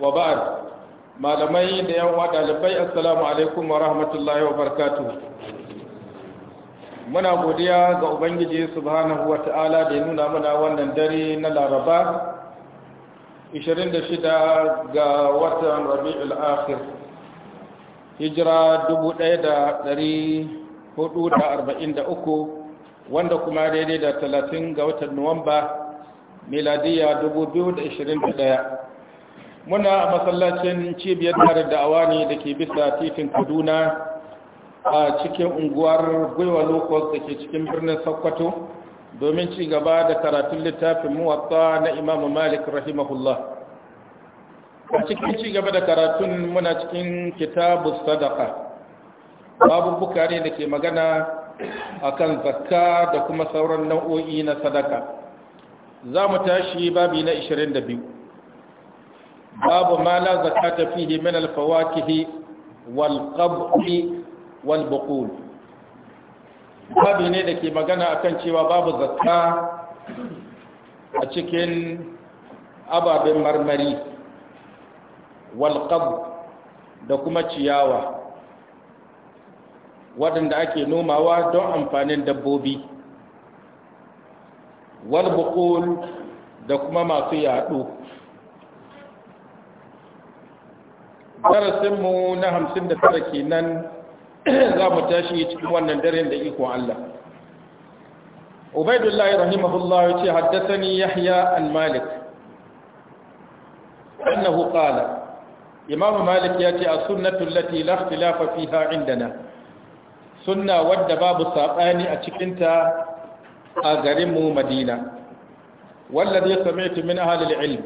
wa ba'ad malamai da yan wa dalibai assalamu alaikum wa rahmatullahi wa barakatuh muna godiya ga ubangiji subhanahu wa ta'ala da ya nuna mana wannan dare na laraba 26 ga watan rabi'ul akhir hijira 1443 wanda kuma daidai da 30 ga watan nuwamba miladiya 2021 muna a masallacin cibiyar tarin awa ne da ke bisa titin kaduna a cikin unguwar gwiwa lokos da ke cikin birnin sokoto domin ci gaba da karatun littafin muwatta na imamu malik rahimahullah a cikin ci gaba da karatun muna cikin kitabu sadaka babu bukari da ke magana akan zakka da kuma sauran nau'o'i na sadaka za mu tashi babi na 22 babu ma la zakata fihi min al-fawakih wal qab'i wal babu ne da ke magana kan cewa babu zakka a cikin ababen marmari wal da kuma ciyawa waɗanda ake nomawa don amfanin dabbobi wal da kuma masu yaɗo darasinmu na hamsin da tara kenan za mu tashi cikin wannan daren da iko Allah ubaidullahi rahimahullah ya ce haddasani yahya an malik annahu qala imamu malik ya ce a sunnatu lati la ikhtilafa fiha indana sunna wadda babu sabani a cikinta a garinmu madina wallazi sami'tu min ahli al-ilm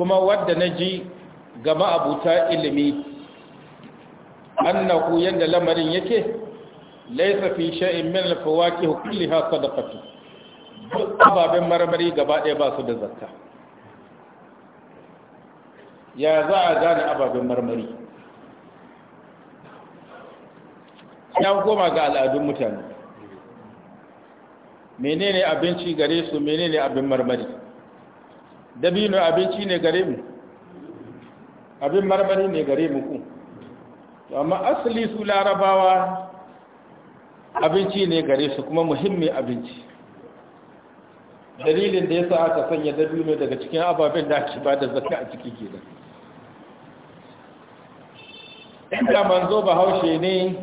kuma wadda naji ga ma'abuta ilimi annahu yanda lamarin yake laysa fi shay'in min al-fawakih kulliha sadaqatu ababen marmari gaba ɗaya ba su da zakka ya za a gane ababen marmari ya koma ga al'adun mutane menene abinci gare su menene abin marmari dabino abinci ne gare mu abin marmari ne gare mu ku amma asali su larabawa abinci ne gare su kuma muhimmi abinci dalilin da ya sa aka sanya dabino daga cikin ababen da ake ba da zaka a ciki gidan. inda manzo ba haushe ne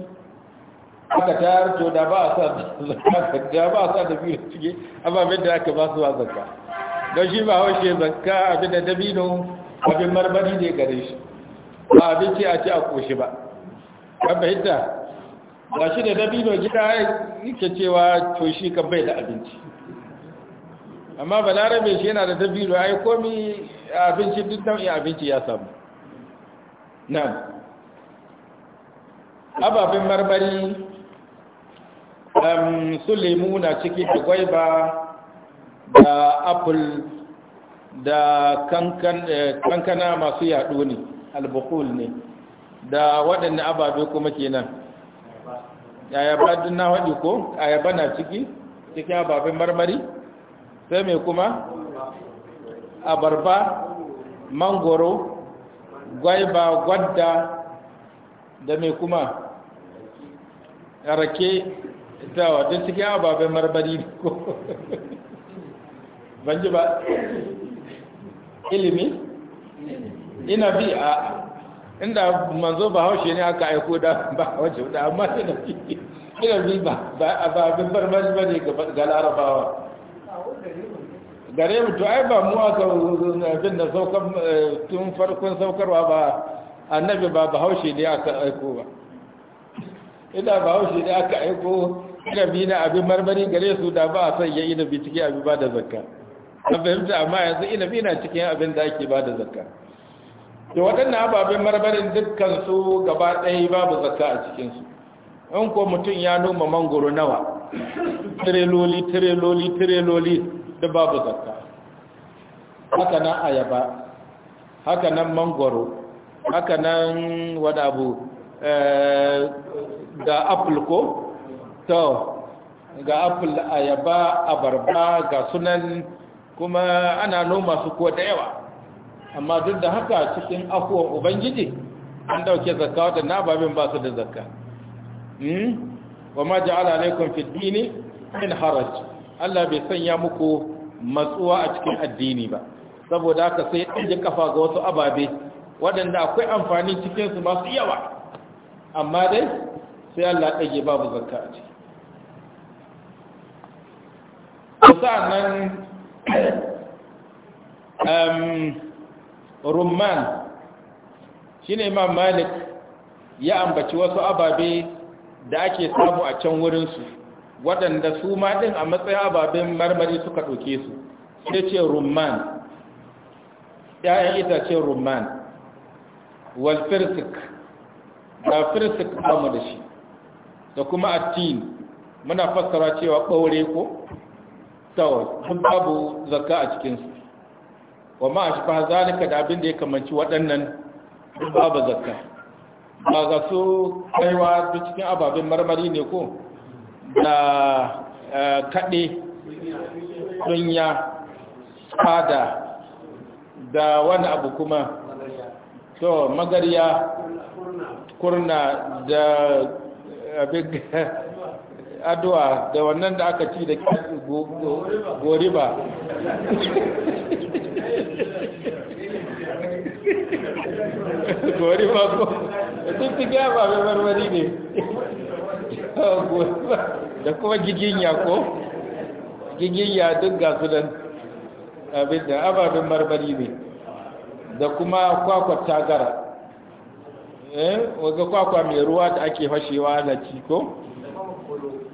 aka tayar to da ba a sa zaka da ba a sa dabino ciki ababen da aka ba su zaka don shi ba haushe zaka abin da dabino abin marmari ne gare shi ba abinci a ce a koshi ba kan fahimta ba shi da dabino gida yake cewa toshi shi kan bai da abinci amma ba balarabe shi yana da dabino yi komi abinci duk nau'in abinci ya samu nan ababin marmari um, su lemu na ciki da gwaiba da apple da eh, kankana masu yaɗo ne albukul ne da waɗanne ababe kuma kenan ayaba din na waɗi ko ayaba na ciki cikin ababen marmari sai mai kuma abarba mangoro gwaiba gwadda da mai kuma rake ta wajen cikin ababen marmari ko banji ba ilimi ina bi a inda manzo ba haushe ne aka aiko da ba wajen da amma ina bi ina bi ba ba abin barbaji ba ne ga larabawa gare mu to ai ba mu aka abin da saukar tun farkon saukarwa ba annabi ba ba haushe ne aka aiko ba ina ba haushe ne aka aiko ina bi na abin marmari gare su da ba a sanya ina bi ciki abin ba da zakka an fahimta amma yanzu inabi na cikin abin da ake ba da zakka to waɗannan ababen marmarin dukkan su gaba ɗaya babu zakka a cikinsu in ko mutum ya noma mangoro nawa tireloli tireloli tireloli da babu zakka haka nan ayaba haka nan mangoro haka nan wani abu eh, ga apple ko to ga apple ayaba abarba ga sunan kuma ana noma su ko da yawa amma duk da haka cikin afuwar ubangiji an dauke zakka wata na babin ba su da zakka hmm? wa ma ja'ala alaikum fi dini min haraj Allah bai sanya muku matsuwa a cikin addini ba saboda haka sai an ji kafa ga wasu ababe waɗanda akwai amfani cikin su masu yawa amma dai sai Allah ɗage babu zakka a ciki sa'annan rumman shi ne imam malik ya ambaci wasu ababe da ake samu a can wurinsu waɗanda su ma ɗin a matsayin ababen marmari suka ɗauke su sai ce rumman ‘ya'yan itacen rumman walfirsik da firsik mu da shi da kuma attin muna fassara cewa ɓaure ko to sun babu zakka a cikinsu wa ma shi fa zalika da abin da ya kamanci waɗannan babu zakka ba ga su kaiwa duk cikin ababen marmari ne ko da eh, kaɗe dunya fada da wani abu kuma to magariya kurna da eh, abin addu'a da wannan da aka ci da gori ba gori ba ko duk tiga ba mai marmari ne oh, da kuma giginya ko giginya duk ga su dan abin da ababen marmari ne da kuma kwakwar tagara eh waga kwakwa mai ruwa da ake fashewa na ciko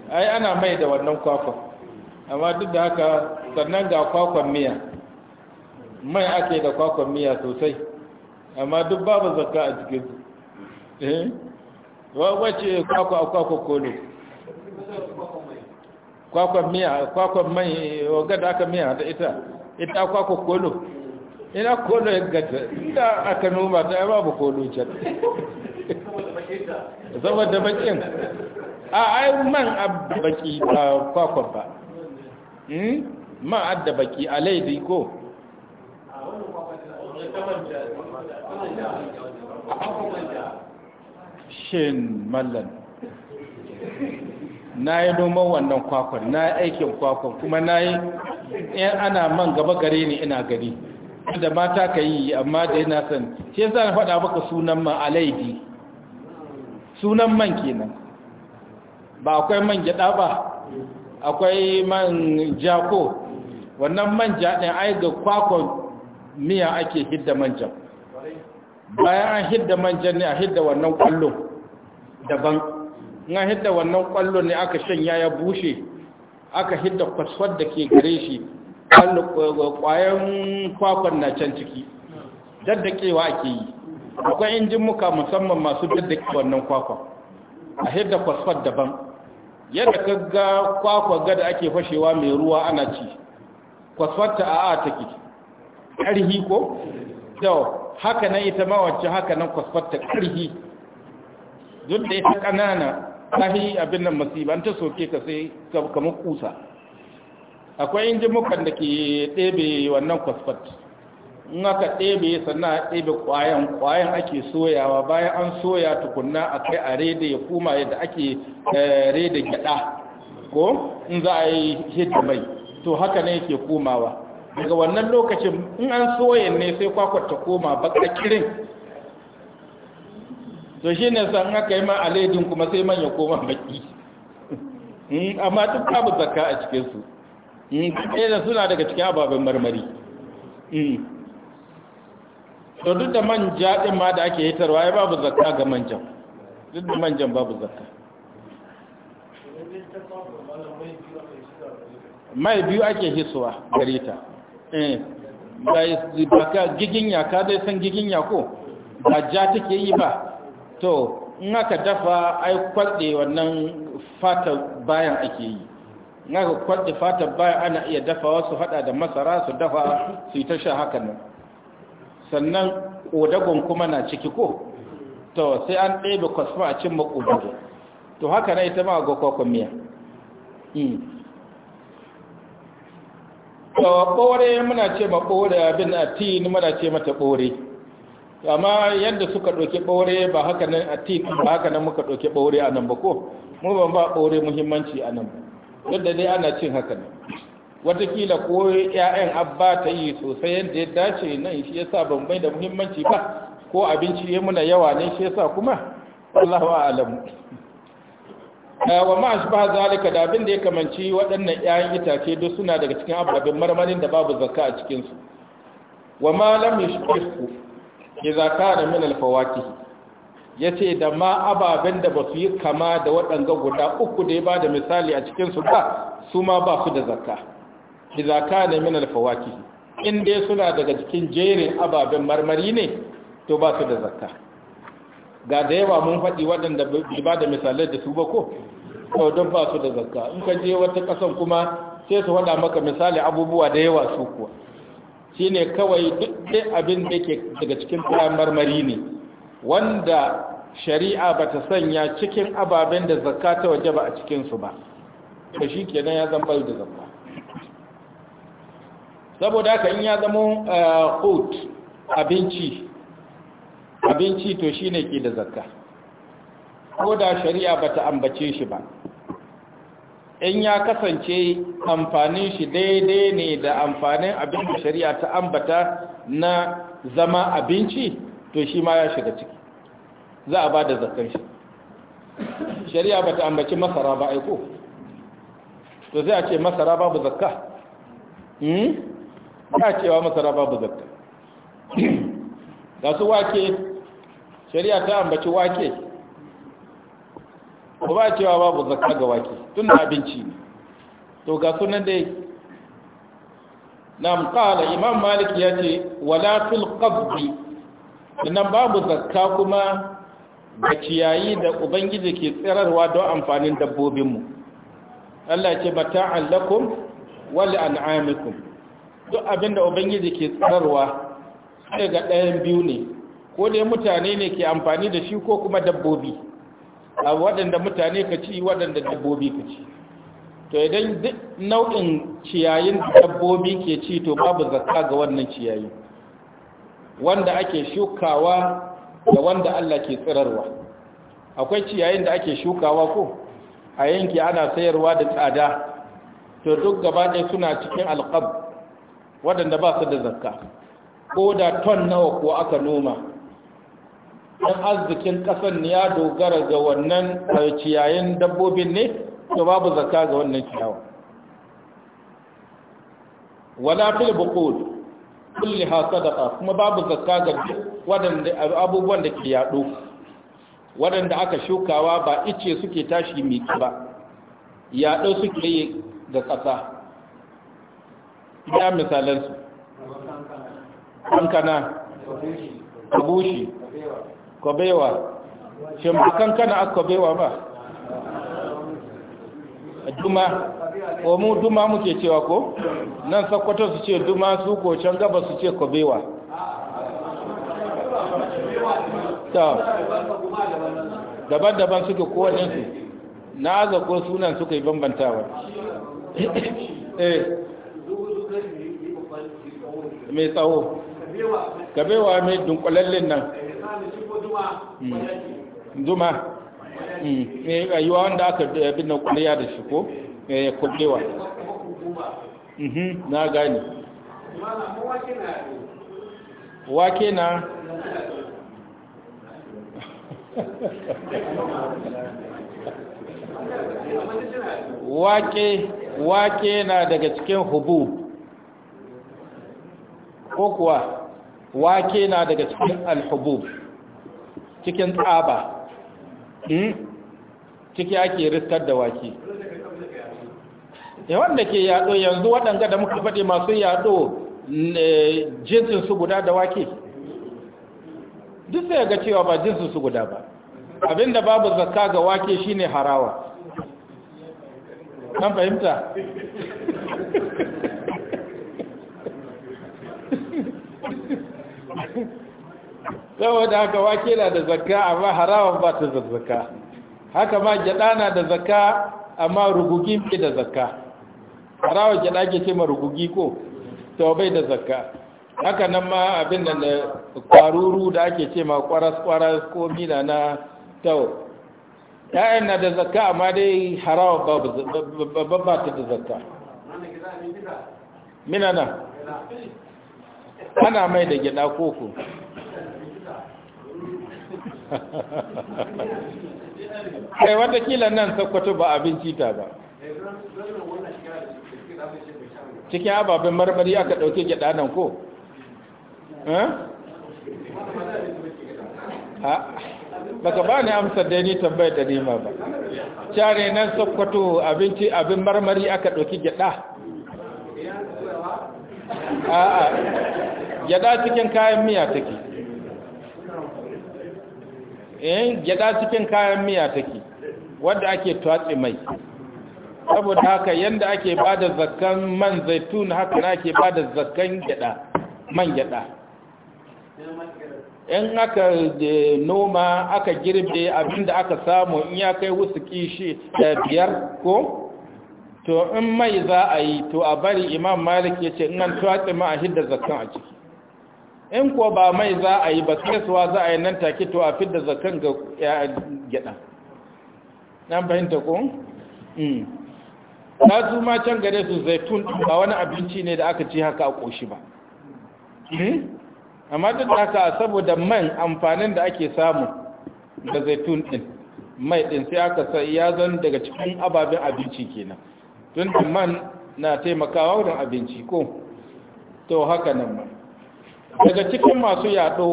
ai ana mai da wannan kwakwan amma duk da haka sannan ga kwakwan miya mai ake da kwakwan miya sosai amma duk babu zaka a cikin su eh wace kwakwa a kwakwa kolo kwakwan miya kwakwan mai waga da aka miya da ita ita kwakwa kolo ina kolo ya gata ita aka noma ta babu kolo can saboda bakin a ai man abda baki ba kwakwa ba hmm? man adda baki a laidi ko shin mallan na yi noman wannan kwakwar na yi aikin kwakwar kuma na yi eh, ana man gaba gare ni ina gari da mata ka yi amma da yana san shi za na faɗa baka sunan ma laidi sunan man kenan ba akwai man gyada ba akwai man jako wannan man jaɗin ai ga kwakwan miya ake hidda manjan bayan an hidda manjan ne a hidda wannan kwallon daban na hidda wannan kwallon ne aka shanya ya bushe aka hidda kwasfar da ke gare shi eh, eh, kwayan kwakwan na can ciki daddakewa ake yi akwai injin muka musamman masu bidda wannan kwakwa a hidda kwasfat daban yadda ka ga kwakwa gada ake fashewa mai ruwa ana ci kwasfat ta a take ƙarhi ko yau haka nan ita mawacin haka nan kwasfat ta ƙarhi duk da ita ƙanana ƙahi abin nan masiban ta soke ka sai kamar kusa akwai injin mukan da ke ɗebe wannan kwasfat in aka ɗebe sannan a ɗebe ƙwayan ƙwayan ake soyawa bayan an soya tukunna a kai a reda ya kuma yadda ake eh, reda gyaɗa ko in za a yi hidda mai to haka ne yake komawa daga wannan lokacin in an soya ne sai kwakwata koma baka kirin to shi ne san aka yi ma aledin kuma sai manya koma baki hmm, amma duk babu zakka a cikinsu hmm, ɗaya suna daga cikin ababen marmari hmm. to duk da manja din ma da ake hitarwa ya babu zakka ga manjan duk da manjan babu zakka mai biyu ake hisuwa gare ta eh ba giginya ka dai san giginya ko ba ja take yi ba to in aka dafa ai kwalde wannan fata bayan ake yi in aka kwalde fata bayan ana iya dafawa su hada da masara su dafa su yi ta sha haka nan sannan ƙodagon kuma na ciki ko to sai an ɗebe kwasfa a cin maƙodagon to haka na ita ma ga kwakwan miya hmm. to ɓore muna ce ma ɓore abin a tin muna ce mata ɓore amma yadda suka ɗauki ɓore ba haka nan a tin ba haka nan muka ɗauki ɓore a nan ba ko mu ban ba ɓore muhimmanci a nan ba yadda dai ana cin haka ne watakila ko ‘ya'yan abba ta yi sosai yadda ya dace nan shi yasa ban bai da muhimmanci ba ko abinci ya muna yawa ne shi yasa kuma wallahu a'lam eh, wa ma ashbaha zalika da abin da ya kamanci waɗannan ‘ya'yan itace duk suna daga cikin ababen marmarin da babu zakka a cikin su wa ma lam yushbihu idza kana min al-fawakih yace da ma ababen da basu yi kama da waɗanga guda uku da ya ba da misali a cikinsu ba su ma ba su da zakka idza kana min al-fawakih in dai suna daga cikin jerin ababen marmari ne to ba su da zakka ga da yawa mun faɗi waɗanda bai ba da misalai da su ba ko to don ba su da zakka in ka je wata ƙasan kuma sai su faɗa maka misali abubuwa da yawa su kuwa shine kawai duk dai abin da yake daga cikin kayan marmari ne wanda shari'a ba ta sanya cikin ababen da zakka ta waje ba a cikinsu ba to shi kenan ya zan bai da zakka saboda haka in ya zama eh, hut abinci abinci to shi ne ke da zakka ko da shari'a ba ta ambace shi ba in ya kasance amfanin shi daidai ne da amfanin abin da shari'a ta ambata na zama abinci to shi ma ya shiga ciki za a ba da zakkan shi shari'a ba ta ambaci masara ba aiko to zai a ce masara babu zakka hmm? ba cewa masara babu zakka ga su wake shari'a ta ambaci wake ba ba cewa babu zakka ga wake tun da abinci ne to ga sunan dai nam qala imam malik ya ce wala fil qabdi nan babu zakka kuma ga ciyayi da ubangiji ke tsirarwa don amfanin dabbobinmu Allah ce ba ta'allakum wal an'amikum duk abinda ubangiji ke tsararwa sai ga ɗayan biyu ne ko dai mutane ne ke amfani da shi ko kuma dabbobi a waɗanda mutane ka ci waɗanda dabbobi ka ci to idan duk nau'in ciyayin dabbobi ke ci to babu zakka ga wannan ciyayi wanda ake shukawa da wanda Allah ke tsirarwa akwai ciyayin da ake shukawa ko a yanki ana sayarwa da tsada to duk gaba ɗaya suna cikin alƙab waɗanda ba su da zakka ko da ton nawa ko aka noma ɗan arzikin ƙasar ya dogara ga wannan ciyayin dabbobin ne to babu zakka ga wannan ciyawa wala fil buqud ha sadaqa kuma babu zakka ga waɗanda abubuwan da ke yaɗo waɗanda aka shukawa ba ice suke tashi miki ba yaɗo suke yi ga ƙasa ya misalansu kankana kabushi Kobewa. shin ba kankana a kobewa ba duma ko mu duma muke cewa ko nan sakwato su ce duma su ko can gaba su ce kobewa. daban-daban suke kowane su na aza ko sunan suka yi bambantawa eh mai tsawo kabewa mai dunkulallin nan hmm. zuma ne hmm. eh, rayuwa wanda aka eh, bin na kuliya da shi ko ya eh, kubewa mhm, na gani wake na wake wake na daga cikin hubu ko kuwa wake na daga cikin alhubub cikin tsaba hmm? ciki ake ristar da wake eh, wanda ke yaɗo yanzu waɗanda da muka faɗi masu yaɗo jinsinsu guda da wake duk sai ga cewa ba jinsinsu guda ba abinda babu zakka ga wake shine harawa kan fahimta saboda haka wake na da zakka amma harawan ba ta zakka haka ma gyada na da zakka amma rugugi ke da zakka harawa gyada ke ce ma rugugi ko to bai da zakka haka nan ma abin da kwaruru da ake ce ma kwaras kwaras ko mina na tau ya'yan na da zakka amma dai harawa ba ta da zakka mina na ana mai da gyada koko kai wata kila nan sakwato ba abinci ta ba cikin ababen marmari aka ɗauke gyaɗa nan ko? baka ba ni amsar da ni tambayar da nema ba care nan sakwato abinci abin marmari aka ɗauki gyaɗa a'a gyaɗa cikin kayan miya take in eh, gyada cikin kayan miya take wadda ake twatse mai saboda haka yanda ake bada zakkan man zaitun haka na ake bada zakkan gyada man gyada in aka eh, noma aka girbe abinda aka samu in ya kai wasu kishi da eh, biyar ko to in mai za a yi to a bari imam malik ya ce in an twatse ma a hidda zakan a ciki in ko ba mai za a yi ba kasuwa za a yi nan take to a fidda zakan ga gida nan fahimta ko? ta hmm. su ma can gare su zaitun ba wani abinci ne da aka ci haka a ƙoshi ba hmm? amma duk da haka saboda man amfanin da ake samu da zaitun ɗin mai ɗin sai aka sai ya zan daga cikin ababen abinci kenan tun man na taimakawa wurin abinci ko to haka nan ba daga cikin masu yaɗo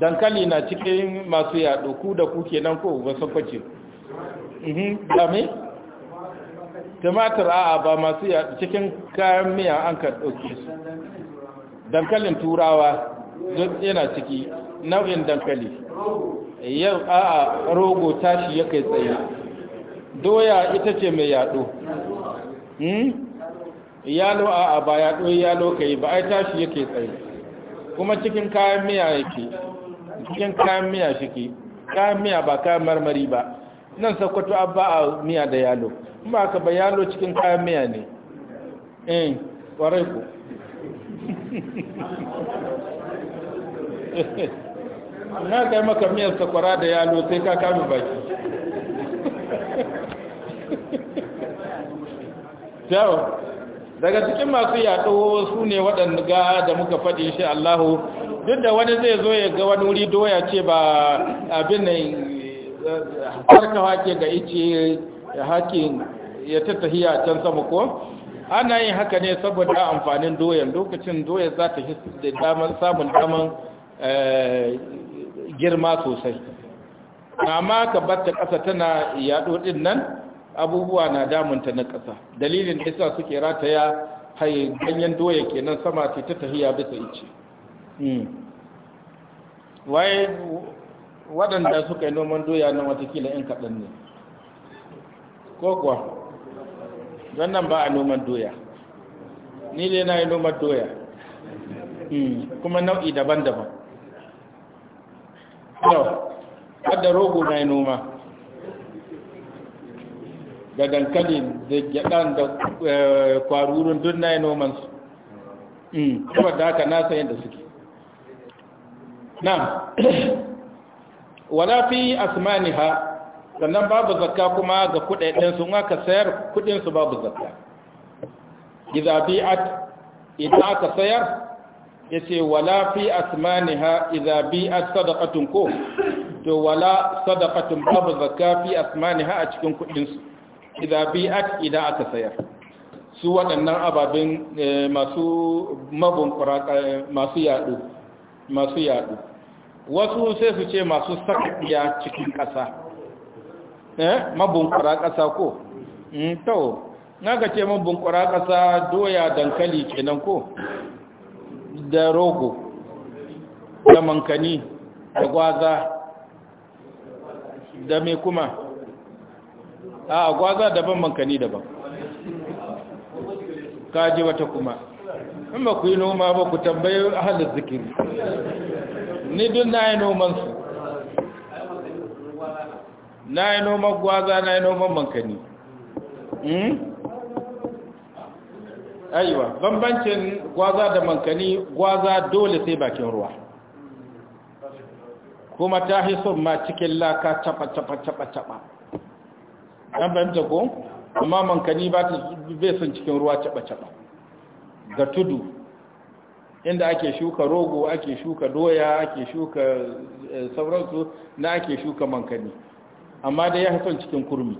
dankali na cikin masu yaɗo ku da ku kenan ko ba sun kwace dame tumatir a'a ba masu yaɗo cikin kayan miya an ka ɗauke su dankalin turawa duk yana ciki nau'in dankali yau a'a rogo tashi ya kai tsaye doya ita ce mai yaɗo hmm? yalo a ba ya ɗoyi yalo ka yi ba ai tashi yake tsaye kuma cikin kayan miya yake cikin kayan miya shike kayan miya ba kayan marmari ba nan sakwato abba a miya da yalo in ba ka ba yalo cikin kayan miya ne eh kwarai ku na kai maka miyar sakwara da yalo sai ka kame baki jawo daga cikin masu yaɗo su ne waɗanda ga da muka faɗi shi Allahu! duk da wani zai zo ya ga wani wuri doya ce ba abin nan harka hake ga ice hakin ya tattahiya can sama ko ana yin haka ne saboda amfanin doyan lokacin doya za ta da damar samun daman eh, girma sosai amma ka bata ƙasa tana yaɗo ɗin nan abubuwa na damunta na ƙasa dalilin isa suke rataya haye ganyen doya kenan sama ce ta tahiya bisa ice hmm. waye waɗanda suka yi noman doya na watakila in kaɗan ne ko kuwa wannan ba a noman doya ni dai na yi noman doya hmm. kuma nau'i daban-daban yau wadda rogo na yi noma Ga dankalin da gyaɗan da eh, kwarurin duk na yi nomansu kuma mm, da haka na yadda suke na wala fi asmani ha sannan babu zakka kuma ga kudadensu in aka sayar kudinsu babu zakka iza bi'at idan aka sayar ya ce wala fi asmani ha iza bi'at sadakatun ko to wala sadakatun babu zakka fi asmani ha a cikin kudinsu idza bi'at idan aka sayar su waɗannan ababen eh, masu mabunkura eh, masu yaɗu masu yaɗu wasu sai su ce masu sakaɗiya cikin ƙasa eh mabunkura ƙasa ko mm, to na ka ce mabunkura ƙasa doya dankali kenan ko da rogo da mankani da gwaza da me kuma a gwaza daban mankani daban kaji wata kuma in ba ku yi noma ba ku tambayi ahalin zikiri ni duk na yi nomansu na yi noman gwaza na yi noman mankani hmm? aiwa bambancin gwaza da mankani gwaza dole sai bakin ruwa kuma ta hiso ma cikin laka caba caba caba caba an fahimta ko amma mankani ba ta bai son cikin ruwa caba-caba ga tudu inda ake shuka rogo ake shuka doya ake shuka eh, sauransu na ake shuka mankani amma da ya son cikin kurmi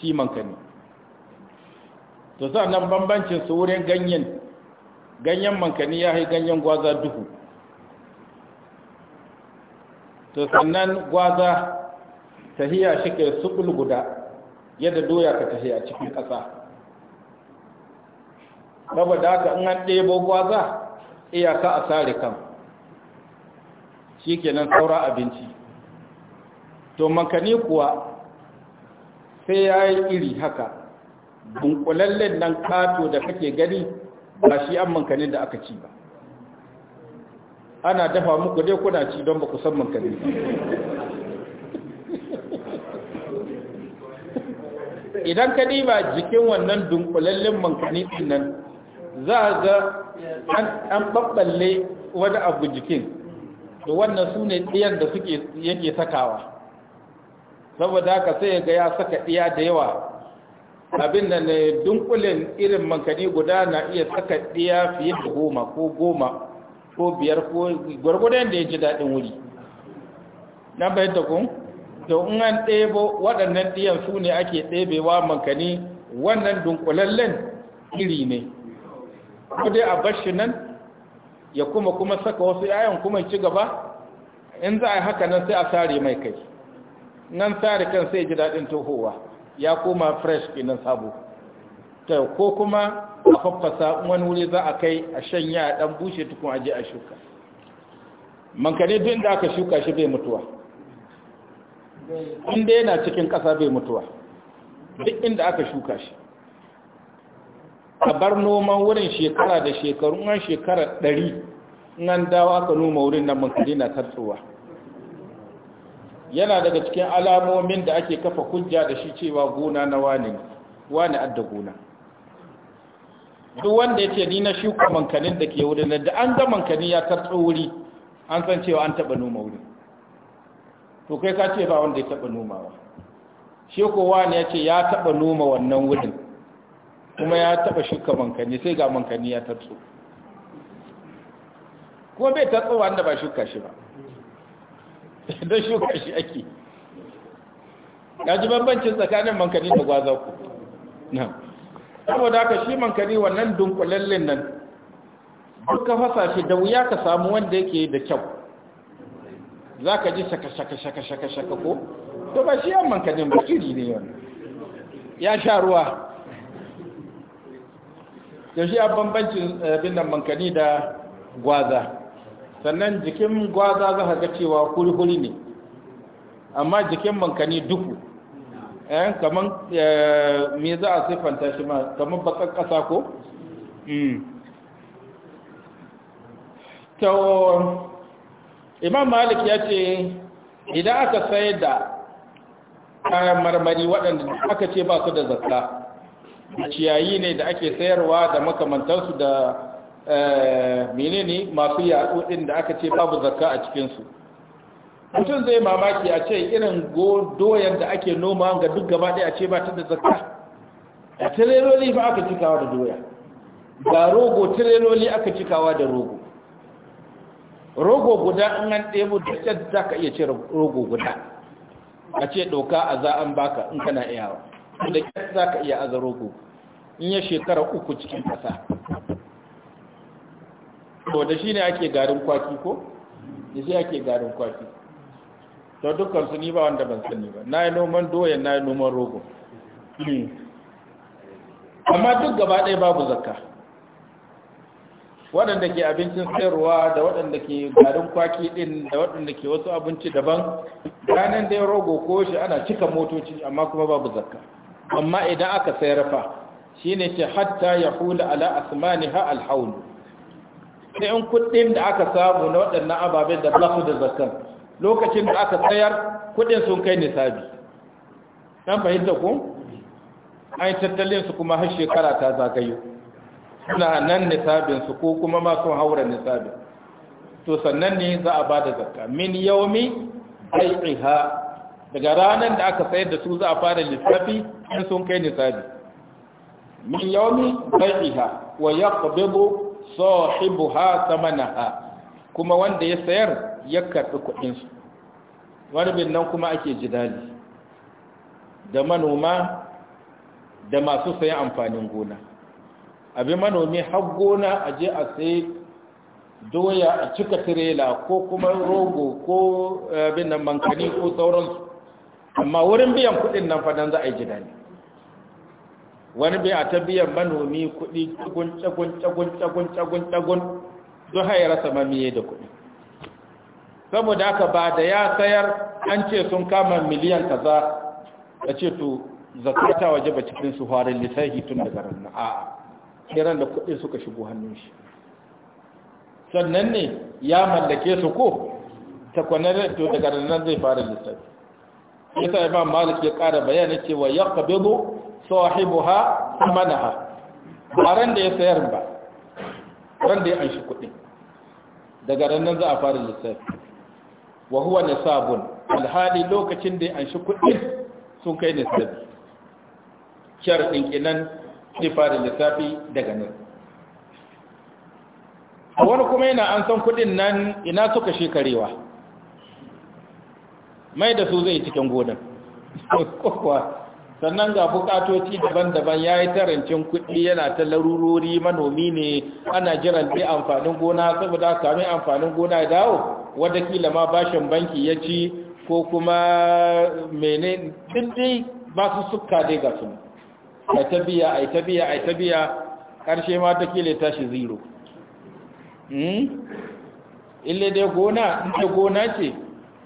ci mankani to nan bambancin su wurin ganyen ganyen mankani ya yi ganyen gwaza duhu to sannan gwaza hiya shi ke guda yadda doya ka tafi a cikin ƙasa saboda haka in an ɗebo gwaza iyaka a sare kan shi kenan saura abinci to makani kuwa sai ya yi iri haka dunkulallen nan kato da kake gani ba shi an makani da aka ci ba ana dafa muku dai kuna ci don ba ku san mankani idan ka diba jikin wannan dunkulallin mankani din nan za ga an babballe wani abu jikin to wannan su ne ɗiyan da suke yake sakawa saboda haka sai ga ya saka ɗiya da yawa abin da ne dunkulin irin mankani guda na iya saka ɗiya fiye da goma ko goma ko biyar ko gwargwadon da ya ji daɗin wuri na bayan da to in an ɗebo waɗannan ɗiyan su ne ake ɗebewa mankani wannan dunkulallen iri ne ko dai a bashi nan ya kuma kuma saka wasu yayan kuma ci gaba in za a haka nan sai a sare mai kai nan sare kan sai ji daɗin tohowa ya koma fresh nan sabo ta ko kuma a faffasa wani wuri za a kai a shanya a ɗan bushe tukun aje a shuka mankani duk da aka shuka shi bai mutuwa inda yana cikin ƙasa bai mutuwa duk inda aka shuka shi a bar noman wurin shekara da shekaru an shekara ɗari nan dawa aka noma wurin nan mankali na tatsowa yana daga cikin alamomin da ake kafa hujja da shi cewa gona na wani wani adda gona duk wanda ya ce ni na shuka mankanin da ke wurin da an ga mankani ya tatso wuri an san cewa an taɓa noma wurin to kai ka ce ba wanda ya taɓa nomawa shi ko wani ya ce ya taɓa noma wannan wurin kuma ya taɓa shuka mankani sai ga mankani ya tatso kuma bai tatso wanda ba shuka shi ba don shuka shi ake gaji ji bambancin tsakanin mankani da gwaza ku saboda haka shi mankani wannan dunkulallin nan duk ka fasa shi da wuya ka samu wanda yake da kyau za ka ji shaka shaka shaka shaka ko to ba shi yamman ka jin bakiri ne yau ya sha ruwa da shi a bambancin eh, abin nan mankani da gwaza sannan jikin gwaza za ka ga cewa kuri ne amma jikin mankani duku eh kaman eh, me za a siffanta shi ma kaman bakar ƙasa ko? Hmm. to imam malik ya ce idan aka sayar da kayan marmari waɗanda aka ce ba su da zakka ciyayi ne da ake sayarwa da makamantarsu da eh, menene masu yatsu ɗin da aka ce babu zakka a cikinsu mutum zai mamaki a ce irin doyan da ake noma ga duk gaba ɗaya a ce ba ta da zakka a tireloli ba aka cikawa da doya ga rogo tireloli aka cikawa da rogo rogo guda in an ɗebo da za ka iya ce rogo guda a ce ɗauka a za an baka in kana iya wa da kyar za ka iya aza rogo in ya shekara uku cikin ƙasa to da shi ne ake garin kwaki ko da shi ake garin kwaki to dukkan su ni ba wanda ban sani ba na yi noman doya na yi noman rogo hmm. amma duk gaba ɗaya babu zakka waɗanda ke abincin sayarwa da waɗanda ke garin kwaki ɗin da waɗanda ke wasu abinci daban ranar ya rogo ko shi ana cika motoci amma kuma babu zakka amma idan aka sayar fa ne ce hatta ya hula ala asmani ha alhaun sai in kuɗin da aka samu na waɗannan ababen da ba da zakkan lokacin da aka sayar kuɗin sun kai nisabi ɗan fahimta ku? an tattalin su kuma har shekara ta zagayo suna nan nisabinsu ko kuma ma sun haura nisabin to sannan ne za a ba da zakka min yaumi bai'iha daga ranar da aka sayar da su za a fara lissafi in sun kai nisabi min yaumi bai'iha wa yaqbidu sahibuha samanaha kuma wanda ya sayar ya karbi kuɗin su warbin nan kuma ake jidali da manoma da masu sayan amfanin gona abi manomi har gona a je a sai doya a cika tirela ko kuma rogo ko eh, abin nan mankani ko sauransu amma wurin biyan kuɗin nan fadan za a yi ne wani biya ta biyan manomi kudi cagun cagun cagun cagun cagun don haye rasa mamiye da kuɗi, saboda aka ba da ya sayar an ce sun kama miliyan kaza a ce to zakata waje ba cikin su harin lissahi tun daga ranar a'a kiran da kuɗin suka shigo hannun shi sannan ne ya mallake su ko takwanar to daga nan zai fara lissafi yasa imam malik ya ƙara bayanin cewa ya qabidu sahibuha samanaha ba ran da ya sayar ba ran da ya shi kuɗi daga nan za a fara lissafi wa huwa nisabun alhali lokacin da ya shi kuɗi sun kai nisabi shar'in kinan sai fara lissafi daga nan wani kuma yana an san kudin nan ina suka shekarewa mai da su zai cikin godin sannan ga bukatoci daban-daban ya yi tarancin kuɗi yana ta larurori manomi ne ana jiran bai amfanin gona saboda sami amfanin gona ya dawo wadakila ma bashin banki ya ci ko kuma mene dindin ba su suka dai ga su a ta biya a ta a ta ƙarshe ma ta kila tashi zero hmm? ille dai gona in ta gona ce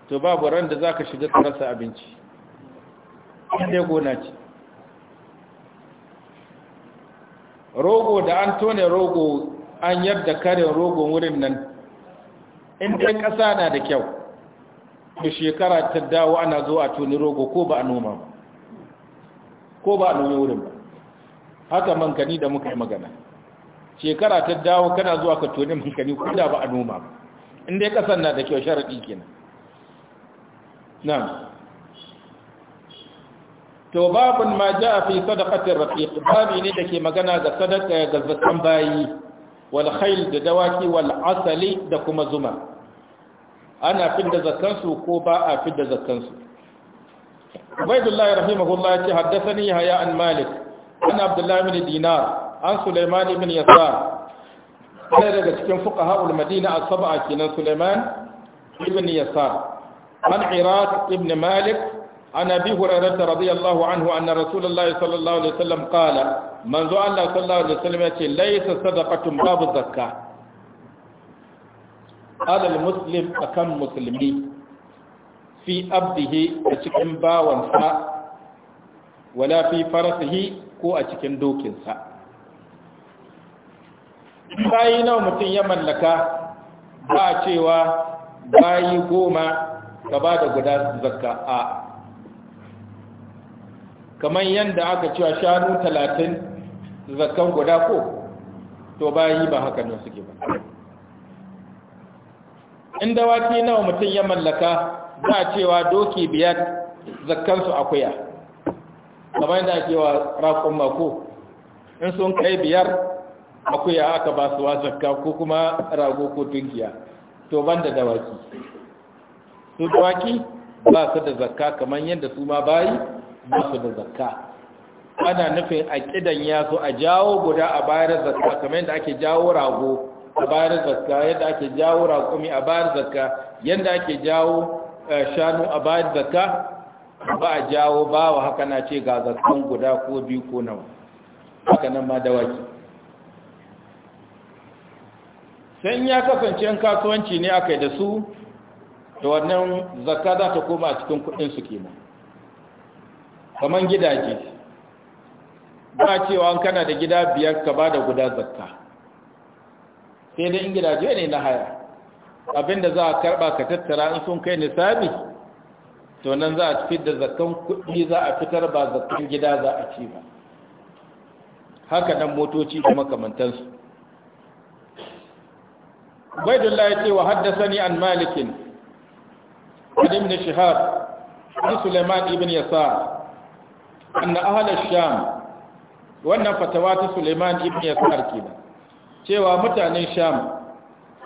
to babu ran da za ka shiga tsarasa abinci dai gona ce rogo da an tone rogo an yadda karin rogon wurin nan in dai ƙasa na da kyau to shekara ta dawo ana zo a toni rogo ko ba a noma ba ko ba a nome wurin ba haka mankani da muka yi magana shekara ta dawo kana zuwa ka tone mankani ko da ba a noma ba inda ya kasan na da kyau sharaɗi kenan nan to babun ma ja fi sadaqatir rafi babi ne da ke magana ga sadaka ga zakan bayi wal khail da dawaki wal asali da kuma zuma ana fidda da su ko ba a fidda da Ubaidullahi rahimahullah ya ce haddasani Yahya an Malik an Abdullah ibn Dinar an Sulaiman ibn Yasar ɗaya daga cikin fuqaha'ul Madina as-sab'a kenan Sulaiman ibn Yasar an Iraq ibn Malik an Abi Hurairah radiyallahu anhu anna Rasulullahi sallallahu alaihi wasallam qala manzo Allah sallallahu alaihi wasallam ya ce laysa sadaqatun babu zakka alal muslim kan musulmi fi abdihi a cikin bawansa wala fi farasihi ko a cikin dokinsa bayi nawa mutum ya mallaka ba cewa bayi goma ka ba da guda zakka a kamar yadda aka cewa shanu talatin zakkan guda ko to bayi ba haka ne suke ba in dawaki nawa mutum ya mallaka za a cewa doki biyar zakkansu akuya kamar yadda ake wa rakon mako in sun kai biyar akuya aka ba su zakka ko kuma rago ko tunkiya to ban da dawaki su dawaki ba su da zakka kamar yadda su ma bayi ba su da zakka ana nufin a kidan yaso a jawo guda a bayar zakka kamar yadda ake jawo rago a bayar zakka yadda ake jawo raƙumi a bayar zakka yadda ake jawo eh, shanu a bayar zakka ba a jawo ba wa haka na ce ga zakkan guda ko biyu ko nawa haka nan ma dawaki sai ya kasance kasuwanci ne aka yi da su da wannan zakka za ta koma a cikin kudinsu kenan kamar gidaje ba cewa kana da gida biyar ka ba da guda zakka sai dai in gidaje ne na haya abinda za a karba ka tattara in sun kai nisabi to nan za a fitar da zakan kuɗi za a fitar ba zakan gida za a ci ba haka nan motoci da makamantansu ubaidullah ya ce wa haddasani an malikin an ibn shihab an suleiman ibn yasa an ahalar sham wannan fatawa ta suleiman ibn yasa ba cewa mutanen sham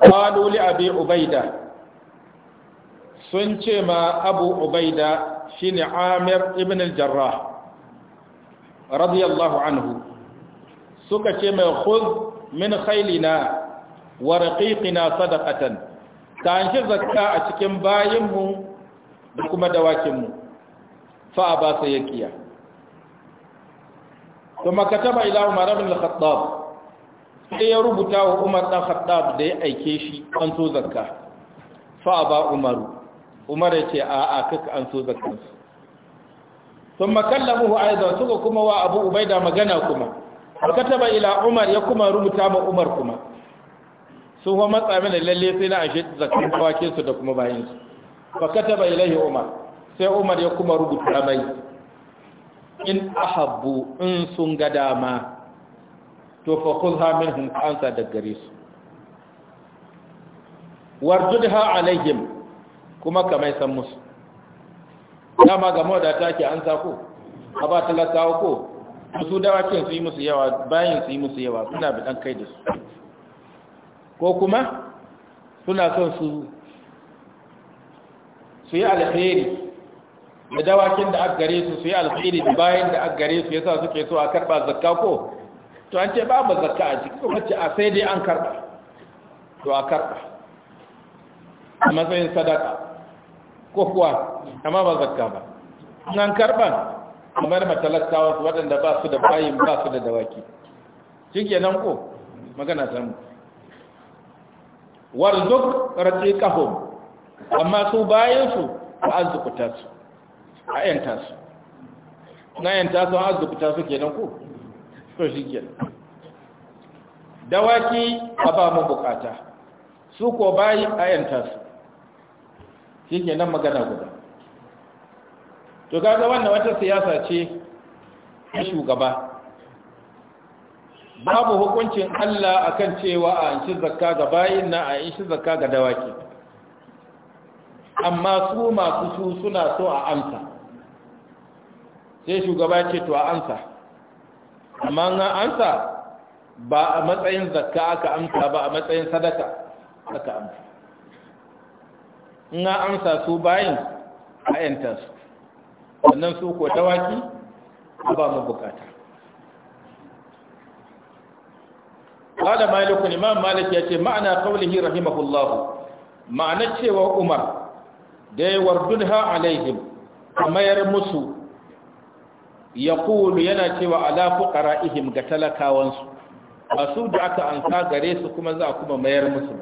qalu abi ubaida sun ce ma abu ubaida shine amir ibn al-jarrah radiyallahu anhu suka ce mai khudh min khailina wa raqiqina sadaqatan ta an shi zakka a cikin bayinmu da kuma dawakinmu fa ba sai yakiya ثم كتب إلى عمر بن الخطاب sai ya rubuta wa umar ɗan haɗa da ya aike shi an so zakka fa ba umaru umar ya ce a a kaka an so zakkansu sun wa aizan suka kuma wa abu ubaida magana kuma ka taba ila umar ya kuma rubuta ma umar kuma sun kuma matsa mana lalle sai na ashe zakkan kwakinsu su da kuma bayansu fa kataba ilaihi umar sai umar ya kuma rubuta mai in ahabbu in sun ga dama to fa khudha minhum ansa da gare su warjudha alaihim kuma kamai san musu dama ga moda ke an sa ko a ba talakawa ko su dawakin su yi musu yawa bayan su yi musu yawa suna dan kai da su ko kuma suna son su su yi alheri da dawakin da aka gare su su yi alheri da bayan da aka gare su yasa suke so a karba zakka ko to an ce babu zakka a ciki kuma ce a sai dai an karba to a karba a matsayin sadaka ko kuwa amma ba zakka ba an karba kamar matalakawa su waɗanda ba su da bayin ba su da dawaki shi kenan ko magana ta mu warzuk kahum amma su bayan su ba azzukuta su a yanta su na yanta su azzukuta su kenan ko to shi dawaki a ba mu bukata su ko bayi ayanta su shi nan magana guda to kaga wannan wata siyasa ce ta shugaba babu hukuncin Allah a kan cewa a anci zakka ga bayin na a shi zakka ga dawaki amma su masu su suna so a amsa sai shugaba ce to a amsa amma an amsa ba a matsayin zakka aka amsa ba a matsayin sadaka aka amsa in amsa su bayin a yanta su wannan su ko tawaki ba mu bukata qala malik imam malik yace ma'ana qawlihi rahimahullah ma'ana cewa umar da ya alaihim mayar musu yaqulu yana cewa ala ihim ga talakawansu masu da aka ansa gare su kuma za kuma mayar musu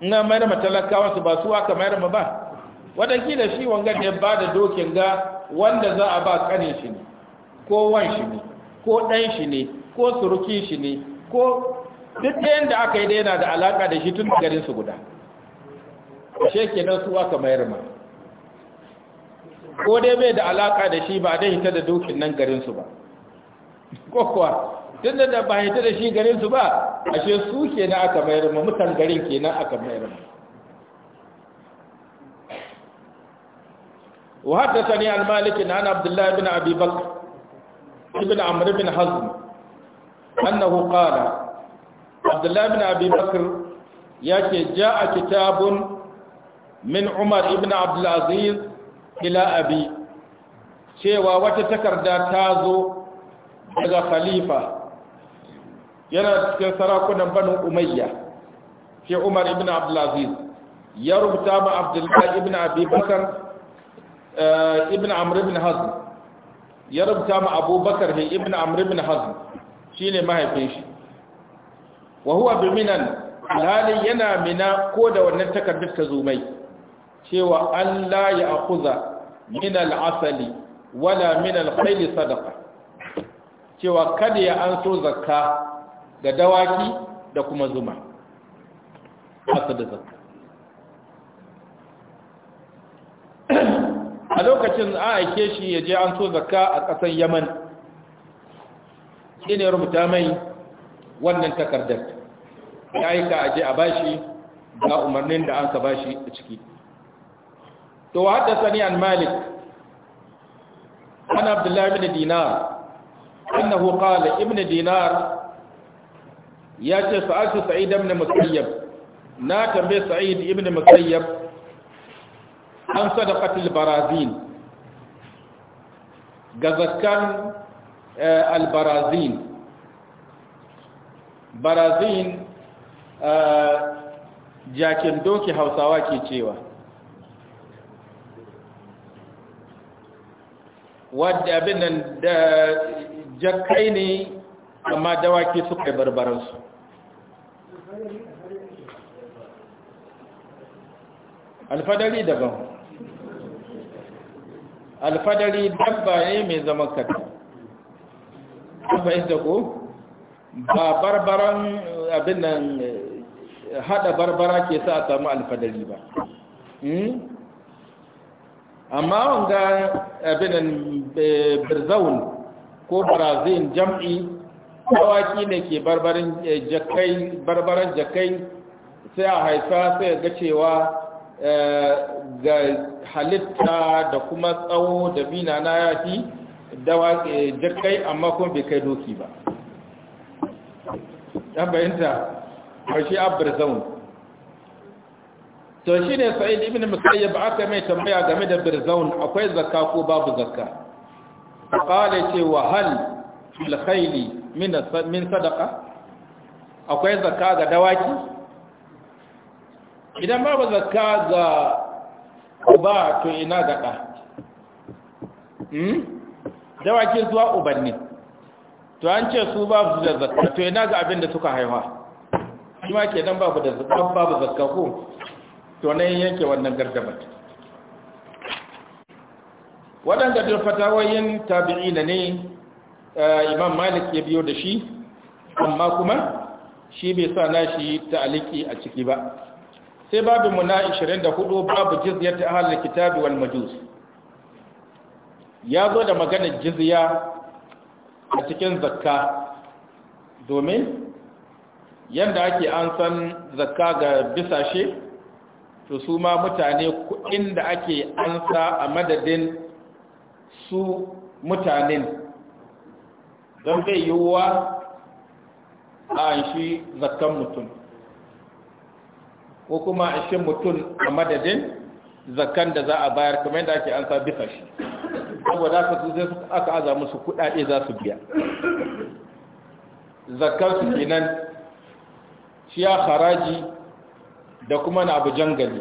ina mayar ma talakawansu ba su aka mayar ma ba watakila shi wanga ne ba da dokin ga wanda za a ba kanin shi ne ko wan shi ne ko ɗan shi ne ko surukin shi ne ko duk ɗayan da aka yi da yana da alaƙa da shi tun garin su guda ashe kenan su aka mayar ma ko dai bai da alaka da shi ba dai ta da dukin nan garinsu ba ko kuwa tun da da ba hita da shi garinsu ba ashe su ke na aka mayar mu mutan garin ke na aka mayar ma wa hatta sani al-maliki na abdullahi ibn abi bakr ibn amr ibn hazm annahu qala abdullahi ibn abi bakr yake ja'a kitabun min umar ibn abdul aziz ila abi cewa wata takarda ta zo daga khalifa yana cikin sarakunan banu umayya ke umar ibn abdulaziz ya rubuta ma abdullahi ibn Abubakar bakar eh, ibn amr ibn hazm ya rubuta ma abubakar ne ibn amr ibn hazm shine mahaifin shi wa huwa bi minan alhali yana mina ko da wannan takardar ta zumai cewa Allah ya akuza min al'asali wala mina al sadaka cewa kada ya an so zakka da dawaki da kuma zuma a lokacin a aike shi ya je an so zakka a ƙasar yaman shi ne rubuta mai wannan takardar ya aika a je a bashi ga umarnin da an ka bashi a ciki to Sani an malik an Abdullahi ibn dinar annahu qala ibn dinar ya ce sa'atu sa'id ibn musayyab na tambaye sa'id ibn musayyab an sadaqatil barazin ga eh, al-Barazin. barazin eh, jakin doki hausawa ke cewa wadda abin nan da jakai ne amma dawaki suka yi barbaransu alfadari daban alfadari dabba ne mai zaman kata abin da ko ba barbaran abin nan eh, hada barbara ke sa a samu alfadari ba hmm? amma wanga abinan eh, birzaun ko brazil jam'i dawaki ne ke eh, barbaran jakai sai a haifa sai ga cewa eh, ga halitta da kuma tsawo da bina na yafi jakai amma kuma bai kai doki ba ɗan bayanta ƙarshe abirzaun to ne sa'id ibn musayyib aka mai tambaya game da birzaun akwai zakka ko babu zakka qala ce wa hal fil khayli min min sadaqa akwai zakka ga dawaki idan babu zakka ga uba to ina ga da hmm dawaki zuwa ubanni to an ce su babu da zakka to ina ga abin da suka haifa shi ma kenan babu da zakka babu zakka ko to nan yanke wannan gargamar waɗanda da fatawayin tabi'ina ne eh, imam malik ya biyo da shi amma kuma shi bai sa nashi ta'aliki a ciki ba sai babu mu na 24 babu jizya ta ahalar kitabi wal majus ya zo da maganar jizya a cikin zakka domin yadda ake an san zakka ga bisashe to su ma mutane kuɗin da ake ansa a madadin su mutanen don zai yiwuwa a shi zakan mutum ko kuma a shi mutum a madadin zakan da za a bayar kamar yadda ake ansa bisa shi saboda aka su sai aka aza musu kuɗaɗe za su biya zakan su kenan shi ya haraji da kuma na abu jangali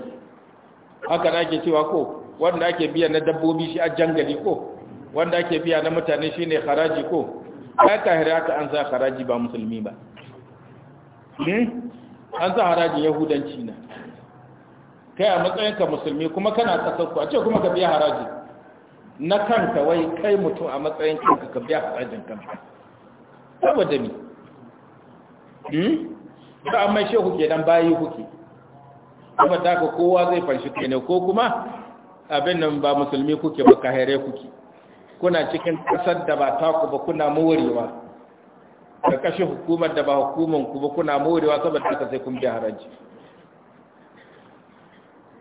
haka da ake cewa ko wanda ake biya na dabbobi shi a jangali ko wanda ake biya na mutane shi ne haraji ko ya kahira haka an sa haraji ba musulmi ba hmm? an sa haraji yahudanci na kai a matsayinka musulmi kuma kana kasarku a ce kuma ka biya haraji na kanka wai kai mutum a matsayin kanka ka biya harajin kanka saboda mi hmm? ba amma shehu ke dan bayi kuke kuma ta ka kowa zai fanshi kai ne ko kuma abin nan ba musulmi kuke ba kahire kuke kuna cikin kasar da ba taku ba kuna morewa da kashe hukumar da ba hukumar ku ba kuna morewa saboda ka sai kun biya haraji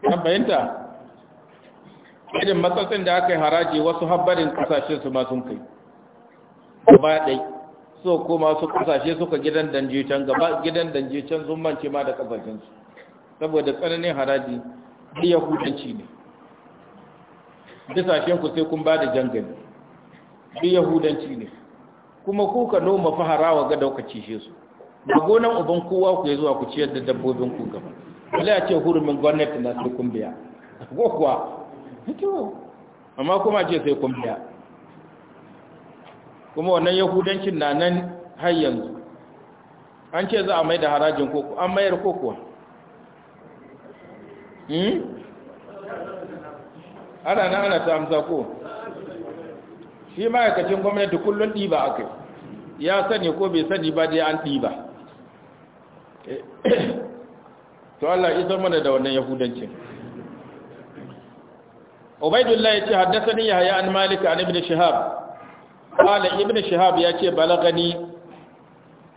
kan bayanta irin matsatsin da aka yi haraji wasu habbarin kasashe su ma sun kai gaba ɗai so kuma su kasashe suka gidan danjiyocin gaba gidan danjiyocin sun ma da kasashensu saboda tsananin haraji da yahudanci ne bisashen ku sai kun ba da jangali da yahudanci ne kuma ku ka noma fahara wa gada ka cishe su ba gonan uban kowa ku ya zuwa ku ciyar da dabbobin ku gaba Wale ya ce hurumin gwamnati na sai kun biya ko kuwa amma kuma ce sai kun biya kuma wannan yahudancin na nan har yanzu an ce za a mai da harajin koko an mayar kokowa Hmm? ana na ana ta amsa ko shi ma'aikacin gwamnati kullum ɗiba a kai ya sani ko bai sani ba dai an ɗiba to Allah isa mana da wannan yahudancin ubaidullah ya ce haddasani ya haya an malika an ibn shihab kala ibn shihab ya ce balagani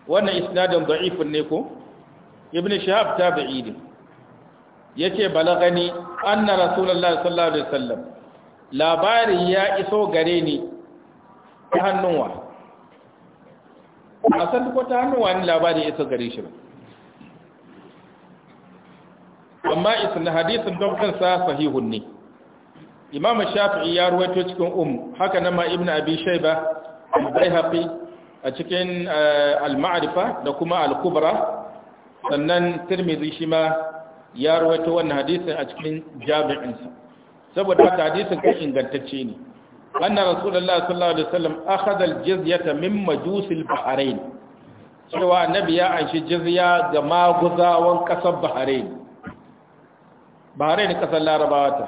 wannan isnadin da'ifun ne ko ibn shihab tabi'i ne yace balagani anna rasulullahi sallallahu alaihi wasallam labari ya iso gare ni ta hannuwa a san ko ta hannuwa ni labari iso gare shi amma isin hadisin don sa sahihun ne imam shafi'i ya ruwaito cikin um haka nan ma ibnu abi shayba al-baihaqi a cikin eh, al-ma'rifa da kuma al-kubra sannan tirmidhi shi ma ya rawaito wannan hadisin a cikin jami'insa saboda haka hadisin kan ingantacce ne anna rasulullah sallallahu alaihi wasallam akhadha aljizyata min majusil bahrain cewa annabi ya anshi jizya ga maguzawan kasar bahrain bahrain kasar larabawa ta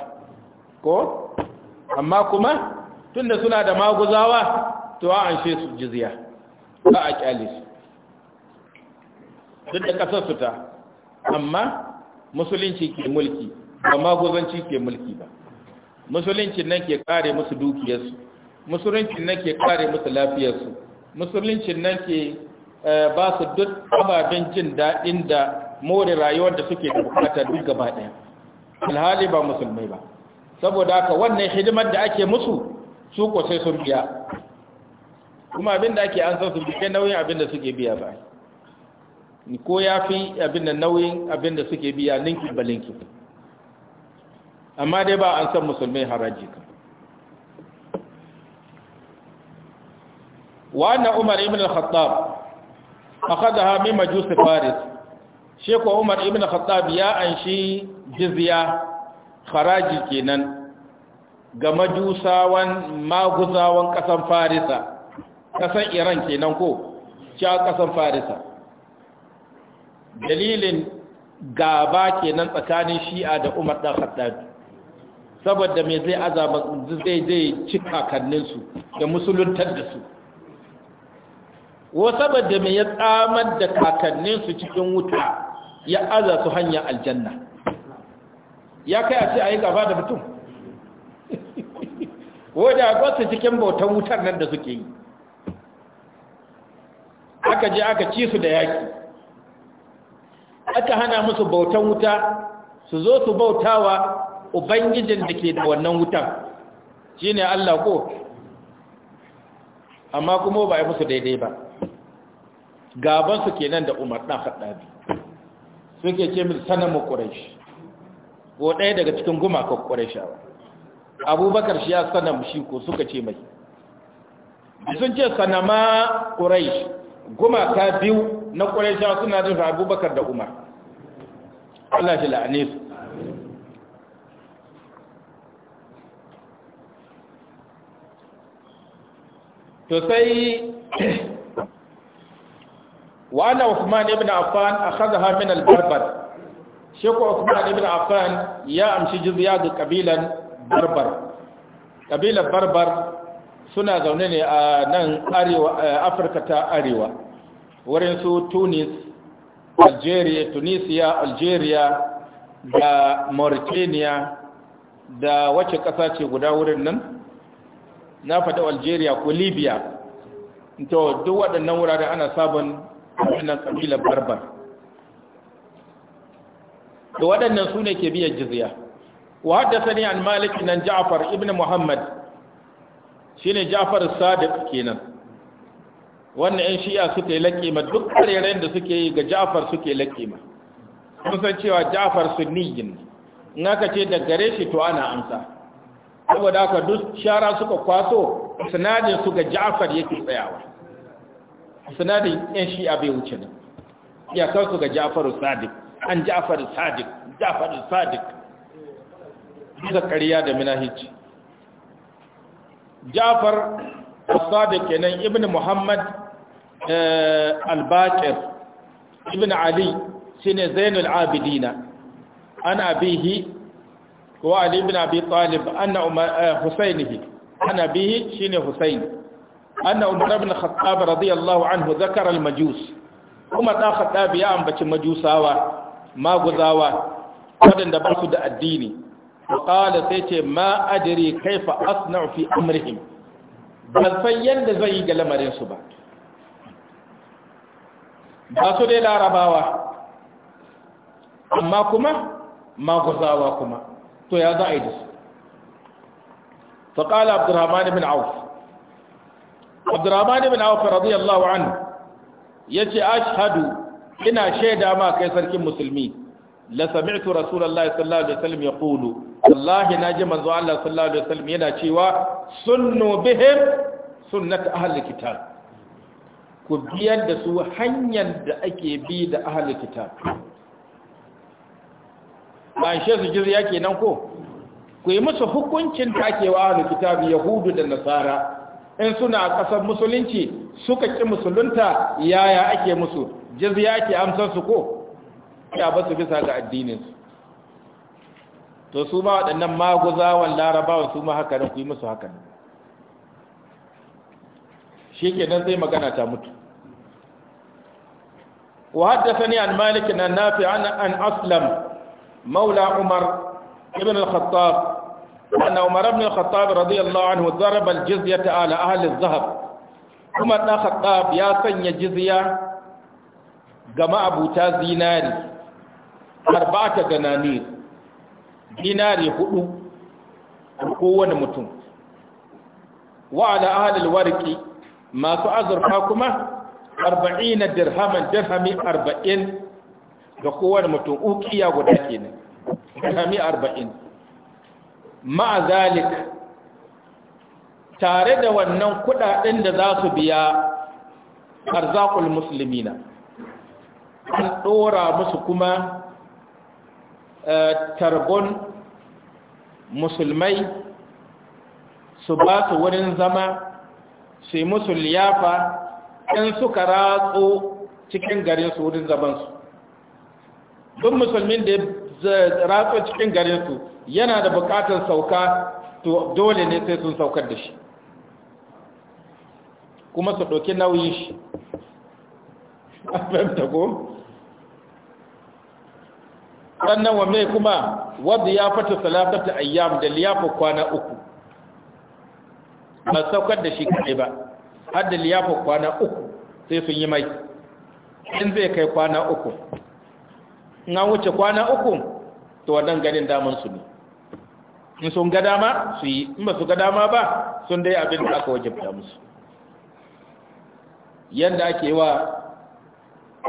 ko amma kuma tunda suna da maguzawa to a anshe su jizya ba a kyale su duk da kasar su ta amma musulunci ke mulki ba magozanci ke mulki ba musulunci nan ke kare musu dukiyarsu musulunci nan ke kare musu lafiyarsu musulunci nan ke eh, ba su duk ababen jin daɗin da more rayuwar da suke da bukata duk gaba ɗaya alhali ba musulmai ba saboda haka wannan hidimar da ake musu su ko sai sun biya kuma abin da ake an san su bi kai nauyin abin da suke biya ba Ni ko ya fi abin da nauyin abin da suke biya ninki balinki amma dai ba an san musulmai haraji kan al عمر بن الخطاب أخذها من Faris, فارس Umar Ibn al الخطاب ya anshi jizya haraji kenan ga majusawan maguzawan ƙasan farisa ƙasan iran kenan ko cewa ƙasan farisa dalilin gaba ke nan tsakanin shi'a da umar ɗan haddadu saboda mai zai azaba zai zai cika kanninsu da musuluntar da su wa saboda mai ya tsamar da kakanninsu cikin wuta ya aza su hanyar aljanna ya kai a ce a yi gaba da mutum wadda kwasa cikin bautan wutar nan da suke yi aka je aka ci su da yaki aka hana musu bautan wuta su zo su bautawa ubangijin da ke da wannan wutan shine Allah ko amma kuma ba ya musu daidai ba gaban su kenan da Umar dan Khattabi suke ce min sanamu ƙur'ashi. ko ɗaya daga cikin gumakan Qurayshawa Abubakar shi ya sanam shi ko suka ce mai sun ce sanama Quraysh gumaka biyu na ƙwarisha suna jin abubakar da umar Allah shi la'ane su to sai wa ana Uthman ibn Affan akhadha min al-Barbar Sheikh Uthman ibn Affan ya amshi jizya ga kabilan Barbar kabilan Barbar suna zaune ne a nan arewa eh, Afirka ta arewa wurin su tunis algeria tunisia algeria da mauritania da wacce kasa ce guda wurin nan na faɗi algeria ko libya to duk waɗannan wuraren ana sabon wannan ƙabilar barbar da waɗannan su ne ke biyan jizya wa haddasa ne an maliki nan ja'far ibn muhammad shine ja'far sadiq kenan wannan yan shi'a suka yi laƙima duk ƙarerayen da suke yi ga ja'far suke laƙima sun san cewa ja'far su sunniyin in aka ce da gare shi to ana amsa saboda haka duk shara suka kwaso sinadin su ga ja'far yake tsayawa sinadin yan shi'a bai wuce nan kan su ga ja'far sadiq an ja'far sadiq ja'far sadiq Duka ƙarya da minahici ja'far sadiq kenan Ibn muhammad al-baqir ibn ali shine zainul abidina an abihi wa ali ibn abi talib anna husainihi an abihi shine husain anna umar ibn khattab radiyallahu anhu zakara al-majus kuma da khattab ya ambaci majusawa maguzawa wadanda ba su da addini qala sai ce ma adri kaifa asna'u fi amrihim ban san yadda zai yi ga lamarin su ba ba su dai larabawa amma kuma maguzawa kuma to ya za a yi da su faƙala abdurrahman bin auf abdurrahman bin auf radiyallahu anhu ya ce ashadu ina shaida ma kai sarkin musulmi la sami'tu rasulullahi sallallahu alaihi wasallam yaqulu wallahi naji manzo Allah sallallahu alaihi wasallam yana cewa sunnu bihim sunnat ahli kitab ku biyar da su hanyar da ake bi da ahalin kitab ba shi su jirya nan ko ku yi musu hukuncin takewa ahalin kitab yahudu da nasara in suna ƙasar musulunci suka ƙi musulunta yaya ake musu jirya ke amsar ko ya ba su bisa ga addininsu to su ba waɗannan maguzawan larabawa su ma haka ku yi musu haka ne shikenan zai magana ta mutu wa haddathani an malik an nafi an umar ibn al-khattab أن عمر بن الخطاب رضي الله عنه ضرب الجزية على أهل الذهب عمر بن الخطاب يا سن جزية جماعة بوتا زيناري أربعة دنانير dinari kowane mutum wa ala ahalil warki masu azurfa kuma arba'in na dirhaman dirhami arba'in ga kowane mutum ukiya guda kenan dirhami arba'in ma'a zalik tare da wannan kudaden da za su biya arzakul musulmina an dora musu kuma eh, targon musulmai su ba su wurin zama su yi musu liyafa in suka ratso cikin garin su wurin zamansu duk musulmin da ratso cikin garin su yana da bukatar sauka to dole ne sai sun saukar da shi kuma su ɗauki nauyin shi a fahimta ko? sannan wa mai kuma wadda ya fata salafata ayyam da liyafa kwana uku ba saukar da shi kaɗai ba har da liyafa kwana uku sai sun yi mai in zai kai kwana uku in wuce kwana uku to wannan ganin daman su ne in sun ga dama su yi in ba su ga dama ba sun dai abin da aka wajabta musu yadda ake yi wa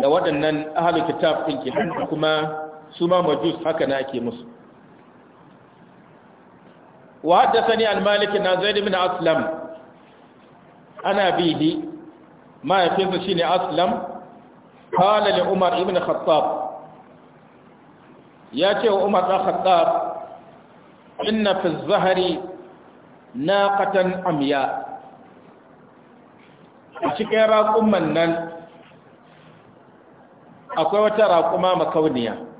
da waɗannan ahalu kitab ɗin ke kuma su ma majus haka na ake musu وحدثني عن مالك عن زيد بن أسلم عن أبيه ما يفيد شيني أسلم قال لعمر بن الخطاب يا شيخ عمر بن الخطاب إن في الزهر ناقة عمياء شكرا أمنا أقوى ترى أمام كونيا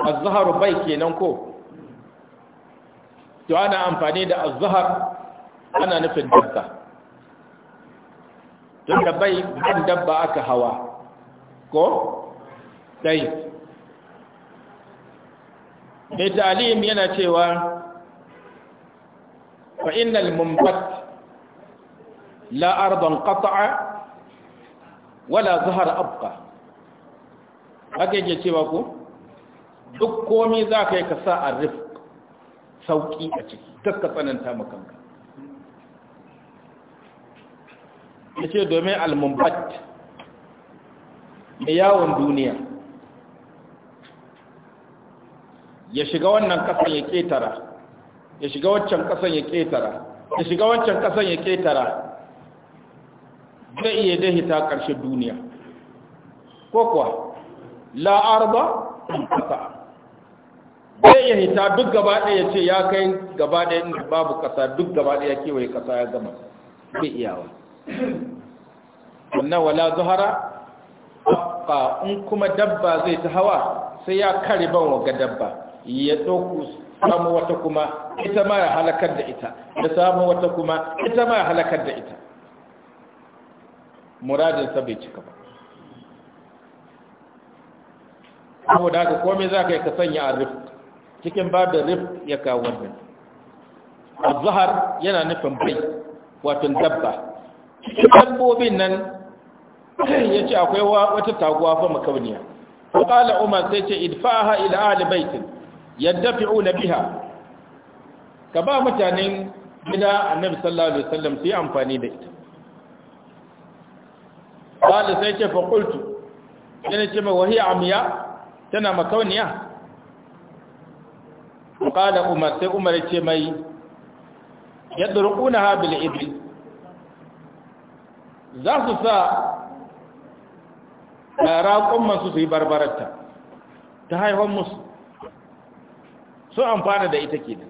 azhar bai kenan ko to ana amfani da azhar ana nufin dabba tun da bai ban dabba aka hawa ko dai mai talim yana cewa fa innal mumbat la ardan qata'a wala zahar abqa haka yake cewa ko duk komi za ka yi ka sa a rif sauƙi a ciki ka tsananta makanka ya ce domin almumbat mai yawon duniya ya shiga wannan kasan ya ƙetara ya shiga waccan kasan ya ƙetara ya shiga waccan kasan ya ƙetara zai iya dahita ƙarshe duniya ko kuwa la'arba ƙasa bai iya hita duk gaba ɗaya ce ya kai gaba ɗaya inda babu ƙasa duk gaba ɗaya kewaye ƙasa ya gama bai iyawa wannan wala zuhara ba in kuma dabba zai ta hawa sai ya kare ban wa ga dabba ya ɗauku samu wata kuma ita ma ya halakar da ita ya samu wata kuma ita ma ya halakar da ita muradinsa bai cika ba saboda haka komai za ka yi ka sanya a rufe cikin babin rif ya kawo wannan azhar yana nufin bai wato dabba dabbobin nan ya ce akwai wata taguwa fa makauniya ko kala umar sai ce idfaha ila ahli baitin yadfa'u biha ka ba mutanen gida annabi sallallahu alaihi wasallam su yi amfani da ita kala sai ce fa qultu yana ce ma wahiya amiya tana makauniya qala umar sai umar ce mai yadruqunaha bil ibl za su sa raƙon su su yi barbararta ta haihon musu sun amfana da ita kenan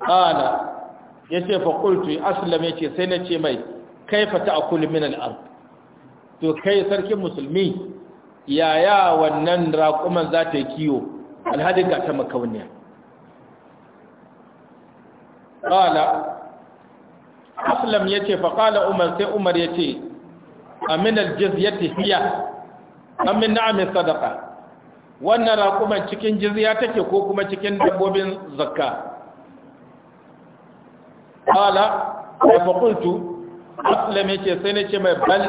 ƙala ya ce fakultu aslam ya ce sai na ce mai kaifa ta akuli min al'ar to kai sarkin musulmi yaya wannan raƙuman za ta yi kiwo alhadin ga ta makauniya ƙala aslam ya ce faƙala umar sai umar ya ce aminal jizyati hiya amin na'amin sadaka wannan raƙuman cikin jizya take ko kuma cikin dabbobin zakka ƙala da faƙultu aslam ya ce sai na ce mai bal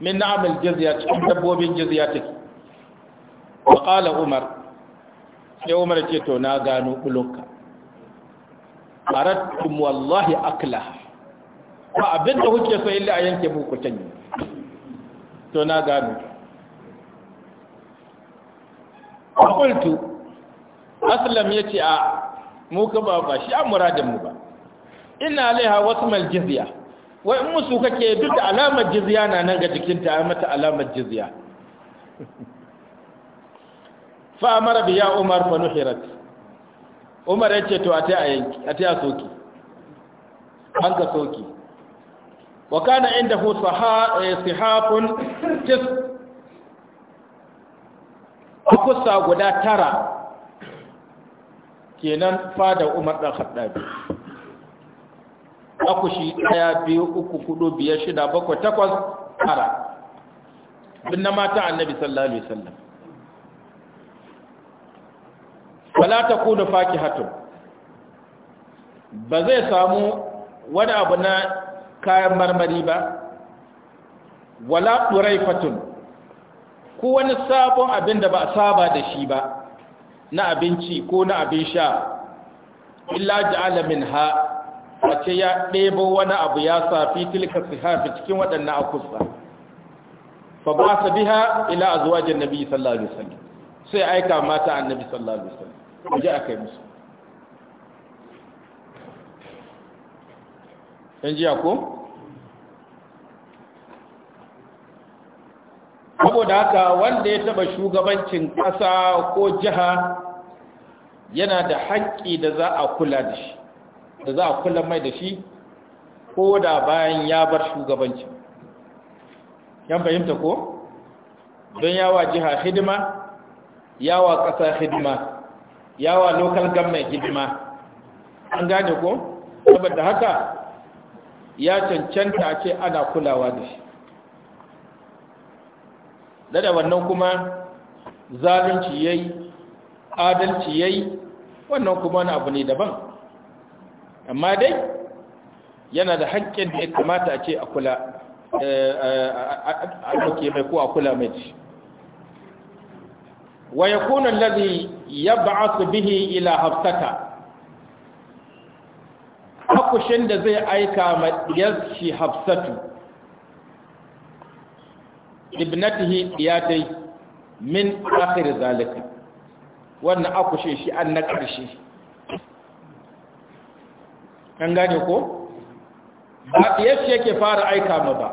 min na'amin jizya cikin dabbobin jizya take faƙala umar sai umar ce to na gano bulunka arattum wallahi akla. ba abin da kuke so illa a yanke muku canyi to na gano kultu aslam ya ce a muka ba ba shi an mu ba ina alaiha wasu maljiziya wai in musu kake duk da alamar jiziya na nan ga jikinta ya mata alamar jiziya fa amara ya umar fa nuhirat umar yace to a ta a yanki a ta soki an ga soki wa kana indahu eh, sihafun tis kusa guda tara kenan fada umar dan khattabi akushi daya biyu uku kudu biyar shida bakwai takwas tara bin na mata annabi sallallahu alaihi wasallam wala ta kuna fakihatun ba zai samu wani abu na kayan marmari ba wala fatun ko wani sabon abin da ba a saba da shi ba na abinci ko na abin sha illa ja'ala a wace ya ɗebo wani abu ya safi tilka sihafi cikin waɗannan akusa fa ba biha ila jin nabi sallallahu alaihi sai aika mata annabi sallallahu alaihi a ji a kai musu yan jiya ko? saboda haka wanda ya taba shugabancin ƙasa ko jiha yana da haƙƙi da za a kula da shi da za a kula mai da shi ko da bayan ya bar shugabancin, yan fahimta ko don yawa jiha hidima yawa ƙasa hidima yawa local government hidima an gane ko saboda haka ya cancanta ce ana kulawa da shi Dada wannan kuma zalunci ya yi, adalci ya yi, wannan kuma wani abu ne daban amma dai yana da haƙƙin da ya kamata a ce a kula eh, a ɗauke mai ko a kula mai ci wa yakuna alladhi yab'athu bihi ila haftaka hakushin da zai aika ma yashi hafsatu ibnatihi iyadai min akhir zalika wannan akushin shi an na ƙarshe an gane ko ba yashi yake fara aika ma ba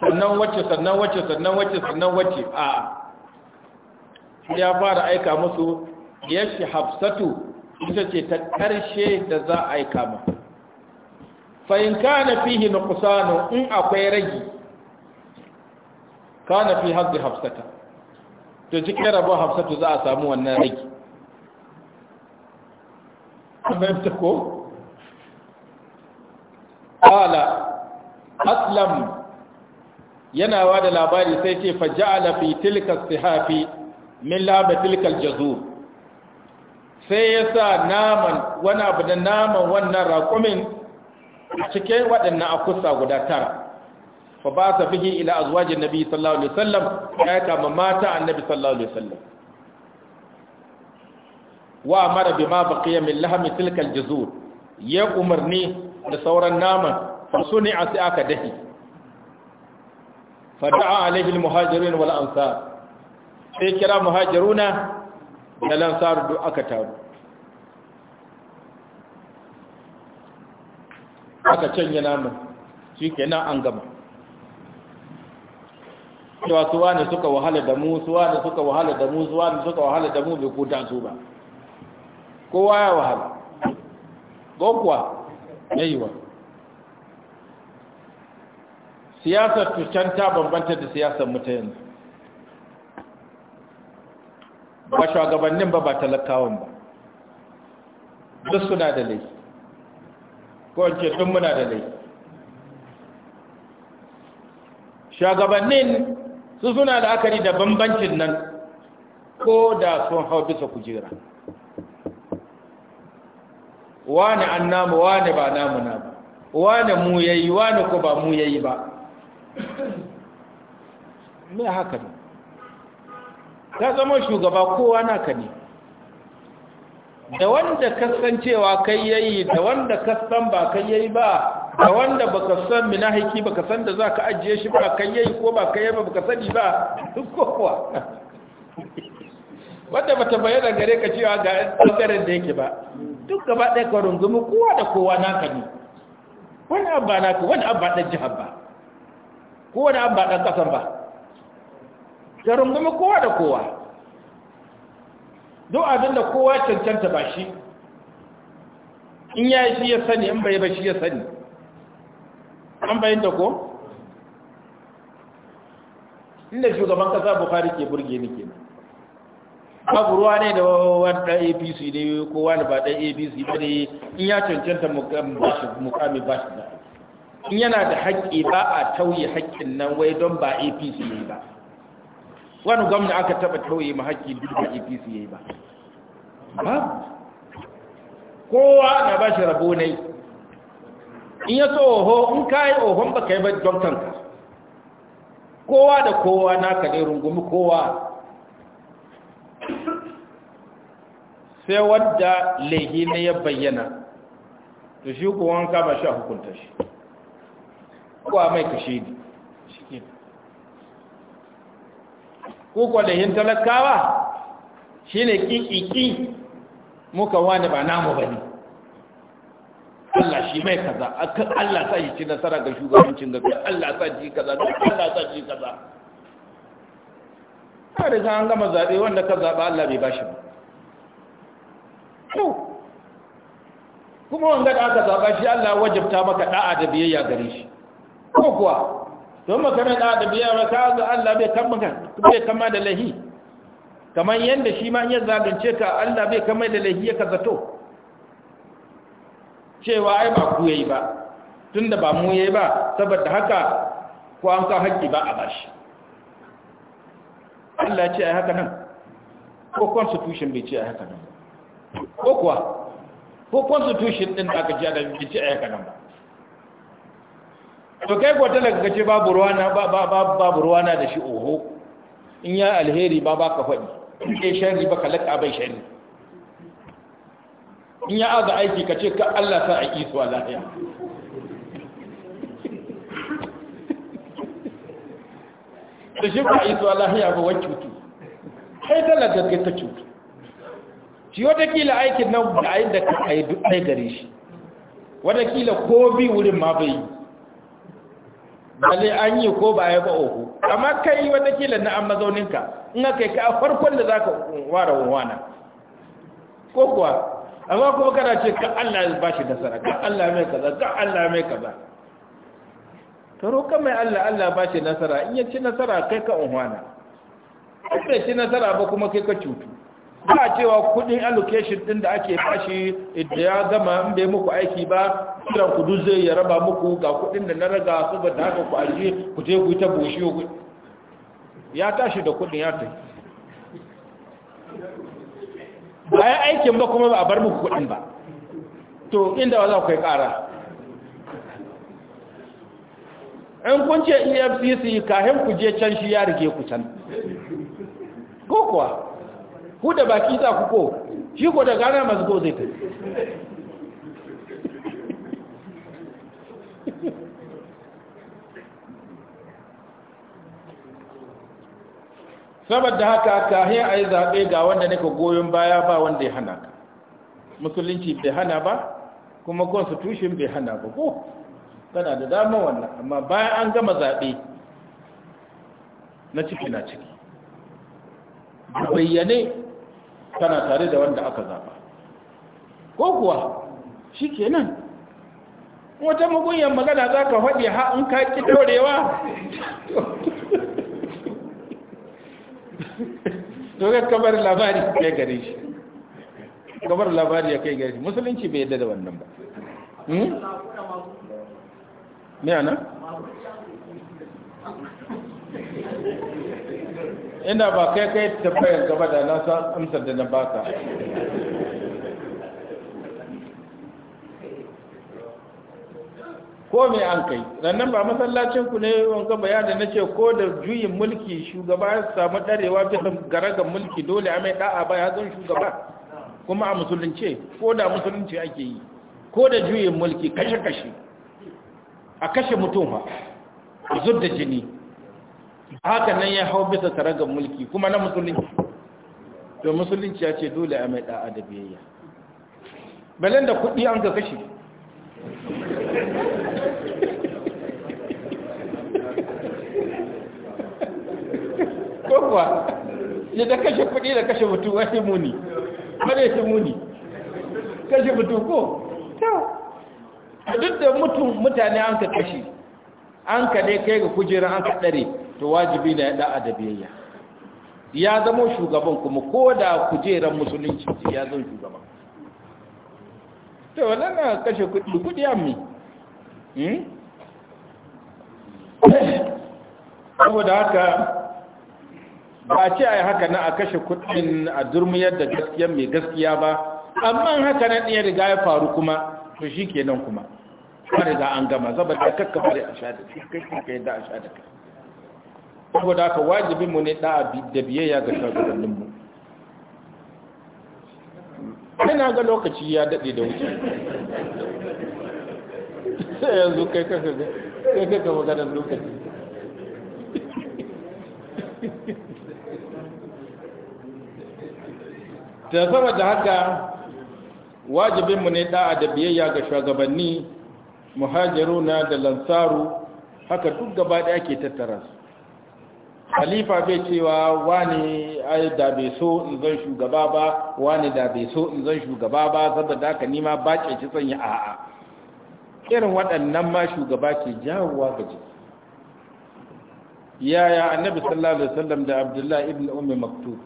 sannan wacce sannan wacce sannan wacce sannan wacce a'a ya fara aika musu shi hafsatu ita ce ta ƙarshe da za a aika mu fa'in kana fihi kusano in akwai ragi kana fi haddi hafsata to cikin rabo hafsatu za a samu wannan ragi fahimta ko qala aslam yana wa da labari sai ce faja'ala fi tilka sihafi min labe tilkal jazur sai ya sa naman wani abu da naman wannan raƙumin a cikin waɗannan akusa guda tara fa ba sa bihi ila azwajin nabi sallallahu alaihi wasallam ya kama mata annabi sallallahu alaihi wasallam wa amara bima baqiya min lahmi tilkal jazur ya umarni da sauran naman fa a sai aka dahi fa da'a alaihi muhajirin wal ansar sai kira muhajiruna da lansar duk aka taru aka canye namun shi nan an gama cewa suwa ne suka wahala da mu suwa ne suka wahala da mu suwa ne suka wahala da mu bai kuta su ba kowa ya wahala gogwa ya yi wa siyasar ta bambanta da siyasar mutane ba shugabannin ba ba talakawan ba duk suna da laifi ko ce duk muna da laifi shugabannin su suna da akari da bambancin nan ko da sun hau bisa kujera wani an namu wani ba namu na ba wani mu yayi wani ko ba mu yayi ba me haka ne ka zama shugaba kowa ka ne da wanda kasancewa kai yayi da wanda kasan ba kai yayi ba da wanda baka san minahiki baka san da za ka ajiye shi ba kai yayi ko ba kai yayi ba baka sani ba duk kowa wanda bata bayyana gare ka cewa ga tsakarin da yake ba duk gaba ɗaya ka rungumi kowa da kowa na ka ne wani abba ka wani abba ɗan jihar ba ko wani abba ɗan ƙasan ba ka rungumi kowa da kowa duk abin da kowa cancanta ba shi in ya yi shi ya sani in bai ba shi ya sani an bayan da ko? inda shugaban kasa bukari ke burge ni ke babu ruwa ne da wawan ɗan apc ne ko wani ba ɗan apc ba ne in ya cancanta mukami ba shi da in yana da haƙƙi ba a tauye haƙƙin nan wai don ba apc ne ba wani gwamna aka taba tauye ma haƙƙi duk da apc ya yi ba kowa na ba shi rabo ne in ya so oho in ka yi ohon ba ka yi ba doktanka kowa da kowa na ka ne rungumi kowa sai wadda laihi ne ya bayyana to shi kuwa an kama shi a hukunta shi kowa mai kashe ne ko yin talakawa shi ne ƙiƙiƙi muka wani ba namu ba ne Allah shi mai kaza akan Allah sa shi ci nasara ga shugabancin gafi Allah sa ji kaza duk Allah sa ji kaza ka riga an gama zaɓe wanda ka zaɓa Allah bai bashi ba kuma wanda da aka zaɓa shi Allah wajabta maka ɗa'a da biyayya gare shi ko kuwa don maka mai da da biya ba ka ga Allah bai kan maka bai kama da lahi kamar yadda shi ma ya zagance ka Allah bai kama da lahi ya ka zato cewa ai ba ku yayi ba tunda ba mu yayi ba saboda haka ko an ka haƙƙi ba a bashi Allah ce ai haka nan ko constitution bai ce ai haka nan ko kuwa ko constitution din aka ji da bai ce ai haka nan ba to kai ko talaka kace babu ruwa na babu ruwana da shi oho in ya alheri ba ba ka faɗi in kai sharri ba ka laka bai shari in ya aga aiki kace ka Allah sa a iso lafiya da shi ba iso lafiya ba wacce cutu kai talaka kai ta cutu shi kila aikin nan da yi da ka kai duk ɗaya gare shi kila ko bi wurin ma bai yi bale an yi ko ba ya ba uku amma kai kila na an ka. in aka yi ka farkon da za ka ware wana ko kuwa amma kuma kana ce ka Allah ya ba shi nasara ka Allah mai kaza ka Allah mai kaza ka roƙa mai Allah Allah ba shi nasara in ya ci nasara kai ka unhwana in bai ci nasara ba kuma kai ka cutu ba a cewa kudin allocation din da ake bashi idan ya gama in bai muku aiki ba kiran ku duk zai ya raba muku ga kudin da na raga saboda haka ku aje ku je ku ta boshi ya tashi da kudin ya tafi bayan aikin ba kuma ba a bar muku kudin ba to inda ba za ku kai kara in kun ce efcc kahin ku je can shi ya rige ku can ko kuwa ku da baki za ku ko shi ko da gara masu go zai ta saboda haka kahin a yi zaɓe ga wanda ka goyon baya ba wanda ya hana ka musulunci bai hana ba kuma constitution bai hana ba ko tana da dama wannan amma bayan an gama zaɓe na ciki na ciki bayyane kana tare da wanda aka zaba ko kuwa shi kenan wata mugunyan magana za ka faɗi ha in ka ƙi ɗorewa dogar kamar labari ya gare shi kamar labari ya kai gare shi musulunci bai yadda da wannan ba mai hmm? ana? ina ba kai kai tabbayar gaba da na san amsar da na baka ko me an kai rannan ba masallacin ku ne wanka bayani na ce ko da juyin mulki shugaba ya samu darewa bisa garagan mulki dole a mai da'a ba ya zan shugaba kuma a musulunce ko da musulunci ake yi ko da juyin mulki kashe-kashe a kashe mutum ba zub da jini haka nan ya hau bisa karagar mulki kuma na musulunci to musulunci ya ce dole a mai da'a da biyayya balin da kuɗi an ka kashe kowa ya da kashe kuɗi da kashe mutu wani muni wani shi muni kashe mutu ko duk da mutane an ka kashe an ka dai kai ga kujera an ka ɗare to wajibi na ya da'a da biyayya ya zama shugaban kuma ko da kujerar musulunci ya zo shugaban to wannan na kashe kudi kudi ammi hmm? saboda haka ba a ce a yi haka na a kashe kudin a durmiyar da gaskiya mai gaskiya ba amma haka na ɗaya riga ya faru kuma to shi kenan kuma ba riga an gama saboda kakka bari a sha da kai kai da a sha da kai saboda haka wajibin mu ne da da biyayya ga shugabannin mu ina ga lokaci ya dade da wuce sai yanzu kai kaka kai kaka da lokaci ta da haka mu ne da da biyayya ga shugabanni muhajiruna da lansaru haka duk gaba daya ke tattara su khalifa bai cewa wani ai da bai so in zan shugaba ba wani da bai so in zan shugaba ba saboda haka nima ba ke ci sanya a'a irin waɗannan ma shugaba ke jawowa ga jiki yaya annabi sallallahu alaihi wasallam da abdullahi ibn ummi maktub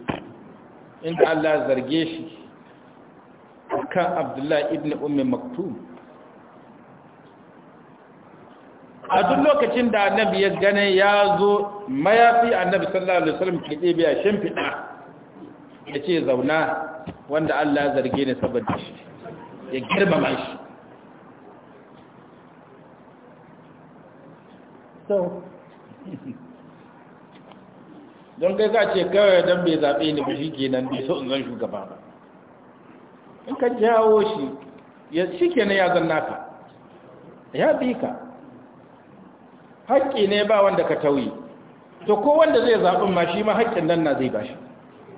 inda Allah zarge shi kan abdullahi ibn ummi maktub a duk lokacin da annabi ya gane ya zo mayafi annabi sallallahu alaihi wasallam ke ɗebe a shimfiɗa ya ce zauna wanda Allah ya zarge ni saboda shi ya girmama shi don kai ka ce kawai don bai zaɓe ni ba shi kenan bai so in zan shugaba ba in ka jawo shi ya shi kenan ya zan naka ya bi ka haƙƙi ne ba wanda ka tauyi to ko wanda zai zaɓin ma shi ma haƙƙin nan na zai bashi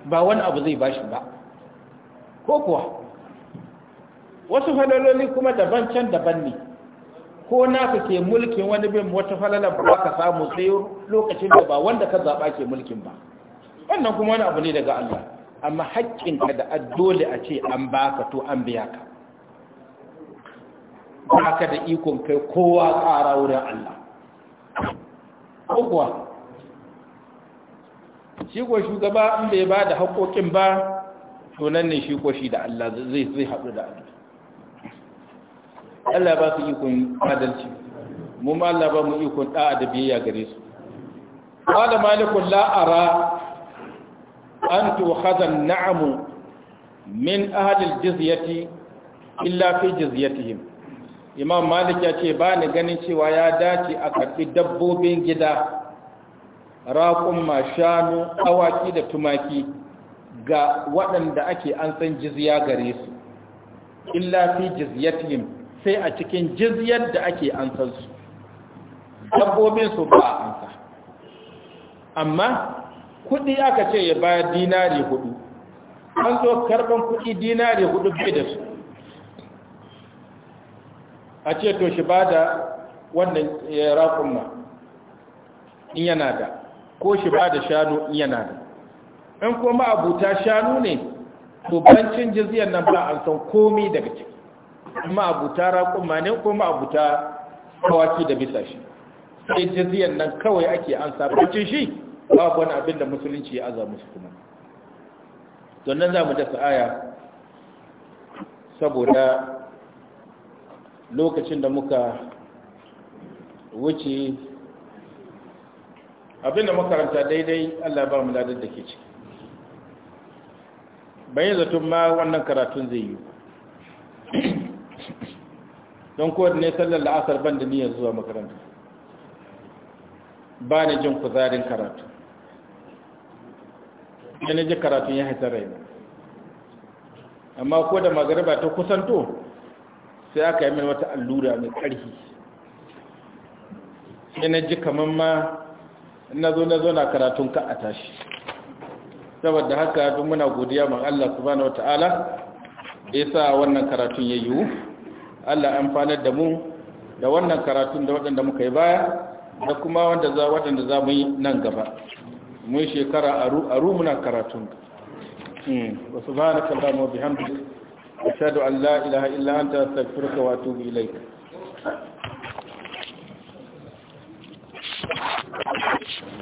ba wani abu zai bashi ba ko kuwa wasu falaloli kuma daban can daban ne ko naka ke mulkin wani bin wata falalar ba ka samu sai lokacin da ba wanda ka zaɓa ke mulkin ba wannan kuma wani abu ne daga Allah amma haƙƙinka da dole a ce an baka to an biya ka ba ka da ikon kai kowa ƙara wurin Allah ko shi ko shugaba in bai ba da haƙoƙin ba to nan ne shi ko shi da Allah zai zai haɗu da Allah Allah ba su ikon adalci mu ma Allah ba mu ikon ɗa'a da biyayya gare su qala malikun la'ara, an tukhadha an-na'mu min ahli al-jizyati illa fi jizyatihim imam malik ya ce ba ni ganin cewa ya dace a karbi dabbobin gida raƙumma shanu awaki da tumaki ga waɗanda ake an san jizya gare su illa fi jizyatihim sai a cikin jizyar da ake an san su dabbobin su ba a ansa amma kuɗi aka ce ya bayar dinari hudu an zo karɓan kuɗi dinari hudu bai da su a ce to shi ba da wannan eh, ma in yana da ko shi ba da shanu in yana da in kuma abuta shanu ne to bancin jiziyar nan ba an san komi daga ciki amma abuta ma ne kuma abuta kawaki da bisa shi sai jiziyar nan kawai ake an sabancin shi babu wani abin da musulunci ya aza musu kuma don nan za mu dasa aya saboda lokacin da muka wuce abinda makaranta daidai Allah ba mu ladar da ke ciki bayan zaton ma wannan karatun zai yi don kowa ne sallar la'asar ban da niyyar zuwa makaranta ba ni jin kuzarin karatu yana ji karatun ya haifar rai amma ko da magariba ta kusanto sai aka yi mai wata allura mai ƙarfi sai na ji kamar ma na zo na zo na karatun ka a tashi saboda haka duk muna godiya ma Allah subhanahu wataala da ya sa wannan karatun ya yiwu Allah amfanar da mu da wannan karatun da waɗanda muka yi baya da kuma wanda za waɗanda za mu yi nan gaba mun shekara aru aru muna karatun hmm. wa subhanaka allahumma wa bihamdika أشهد أن لا إله إلا أنت أستغفرك وأتوب إليك Thank you.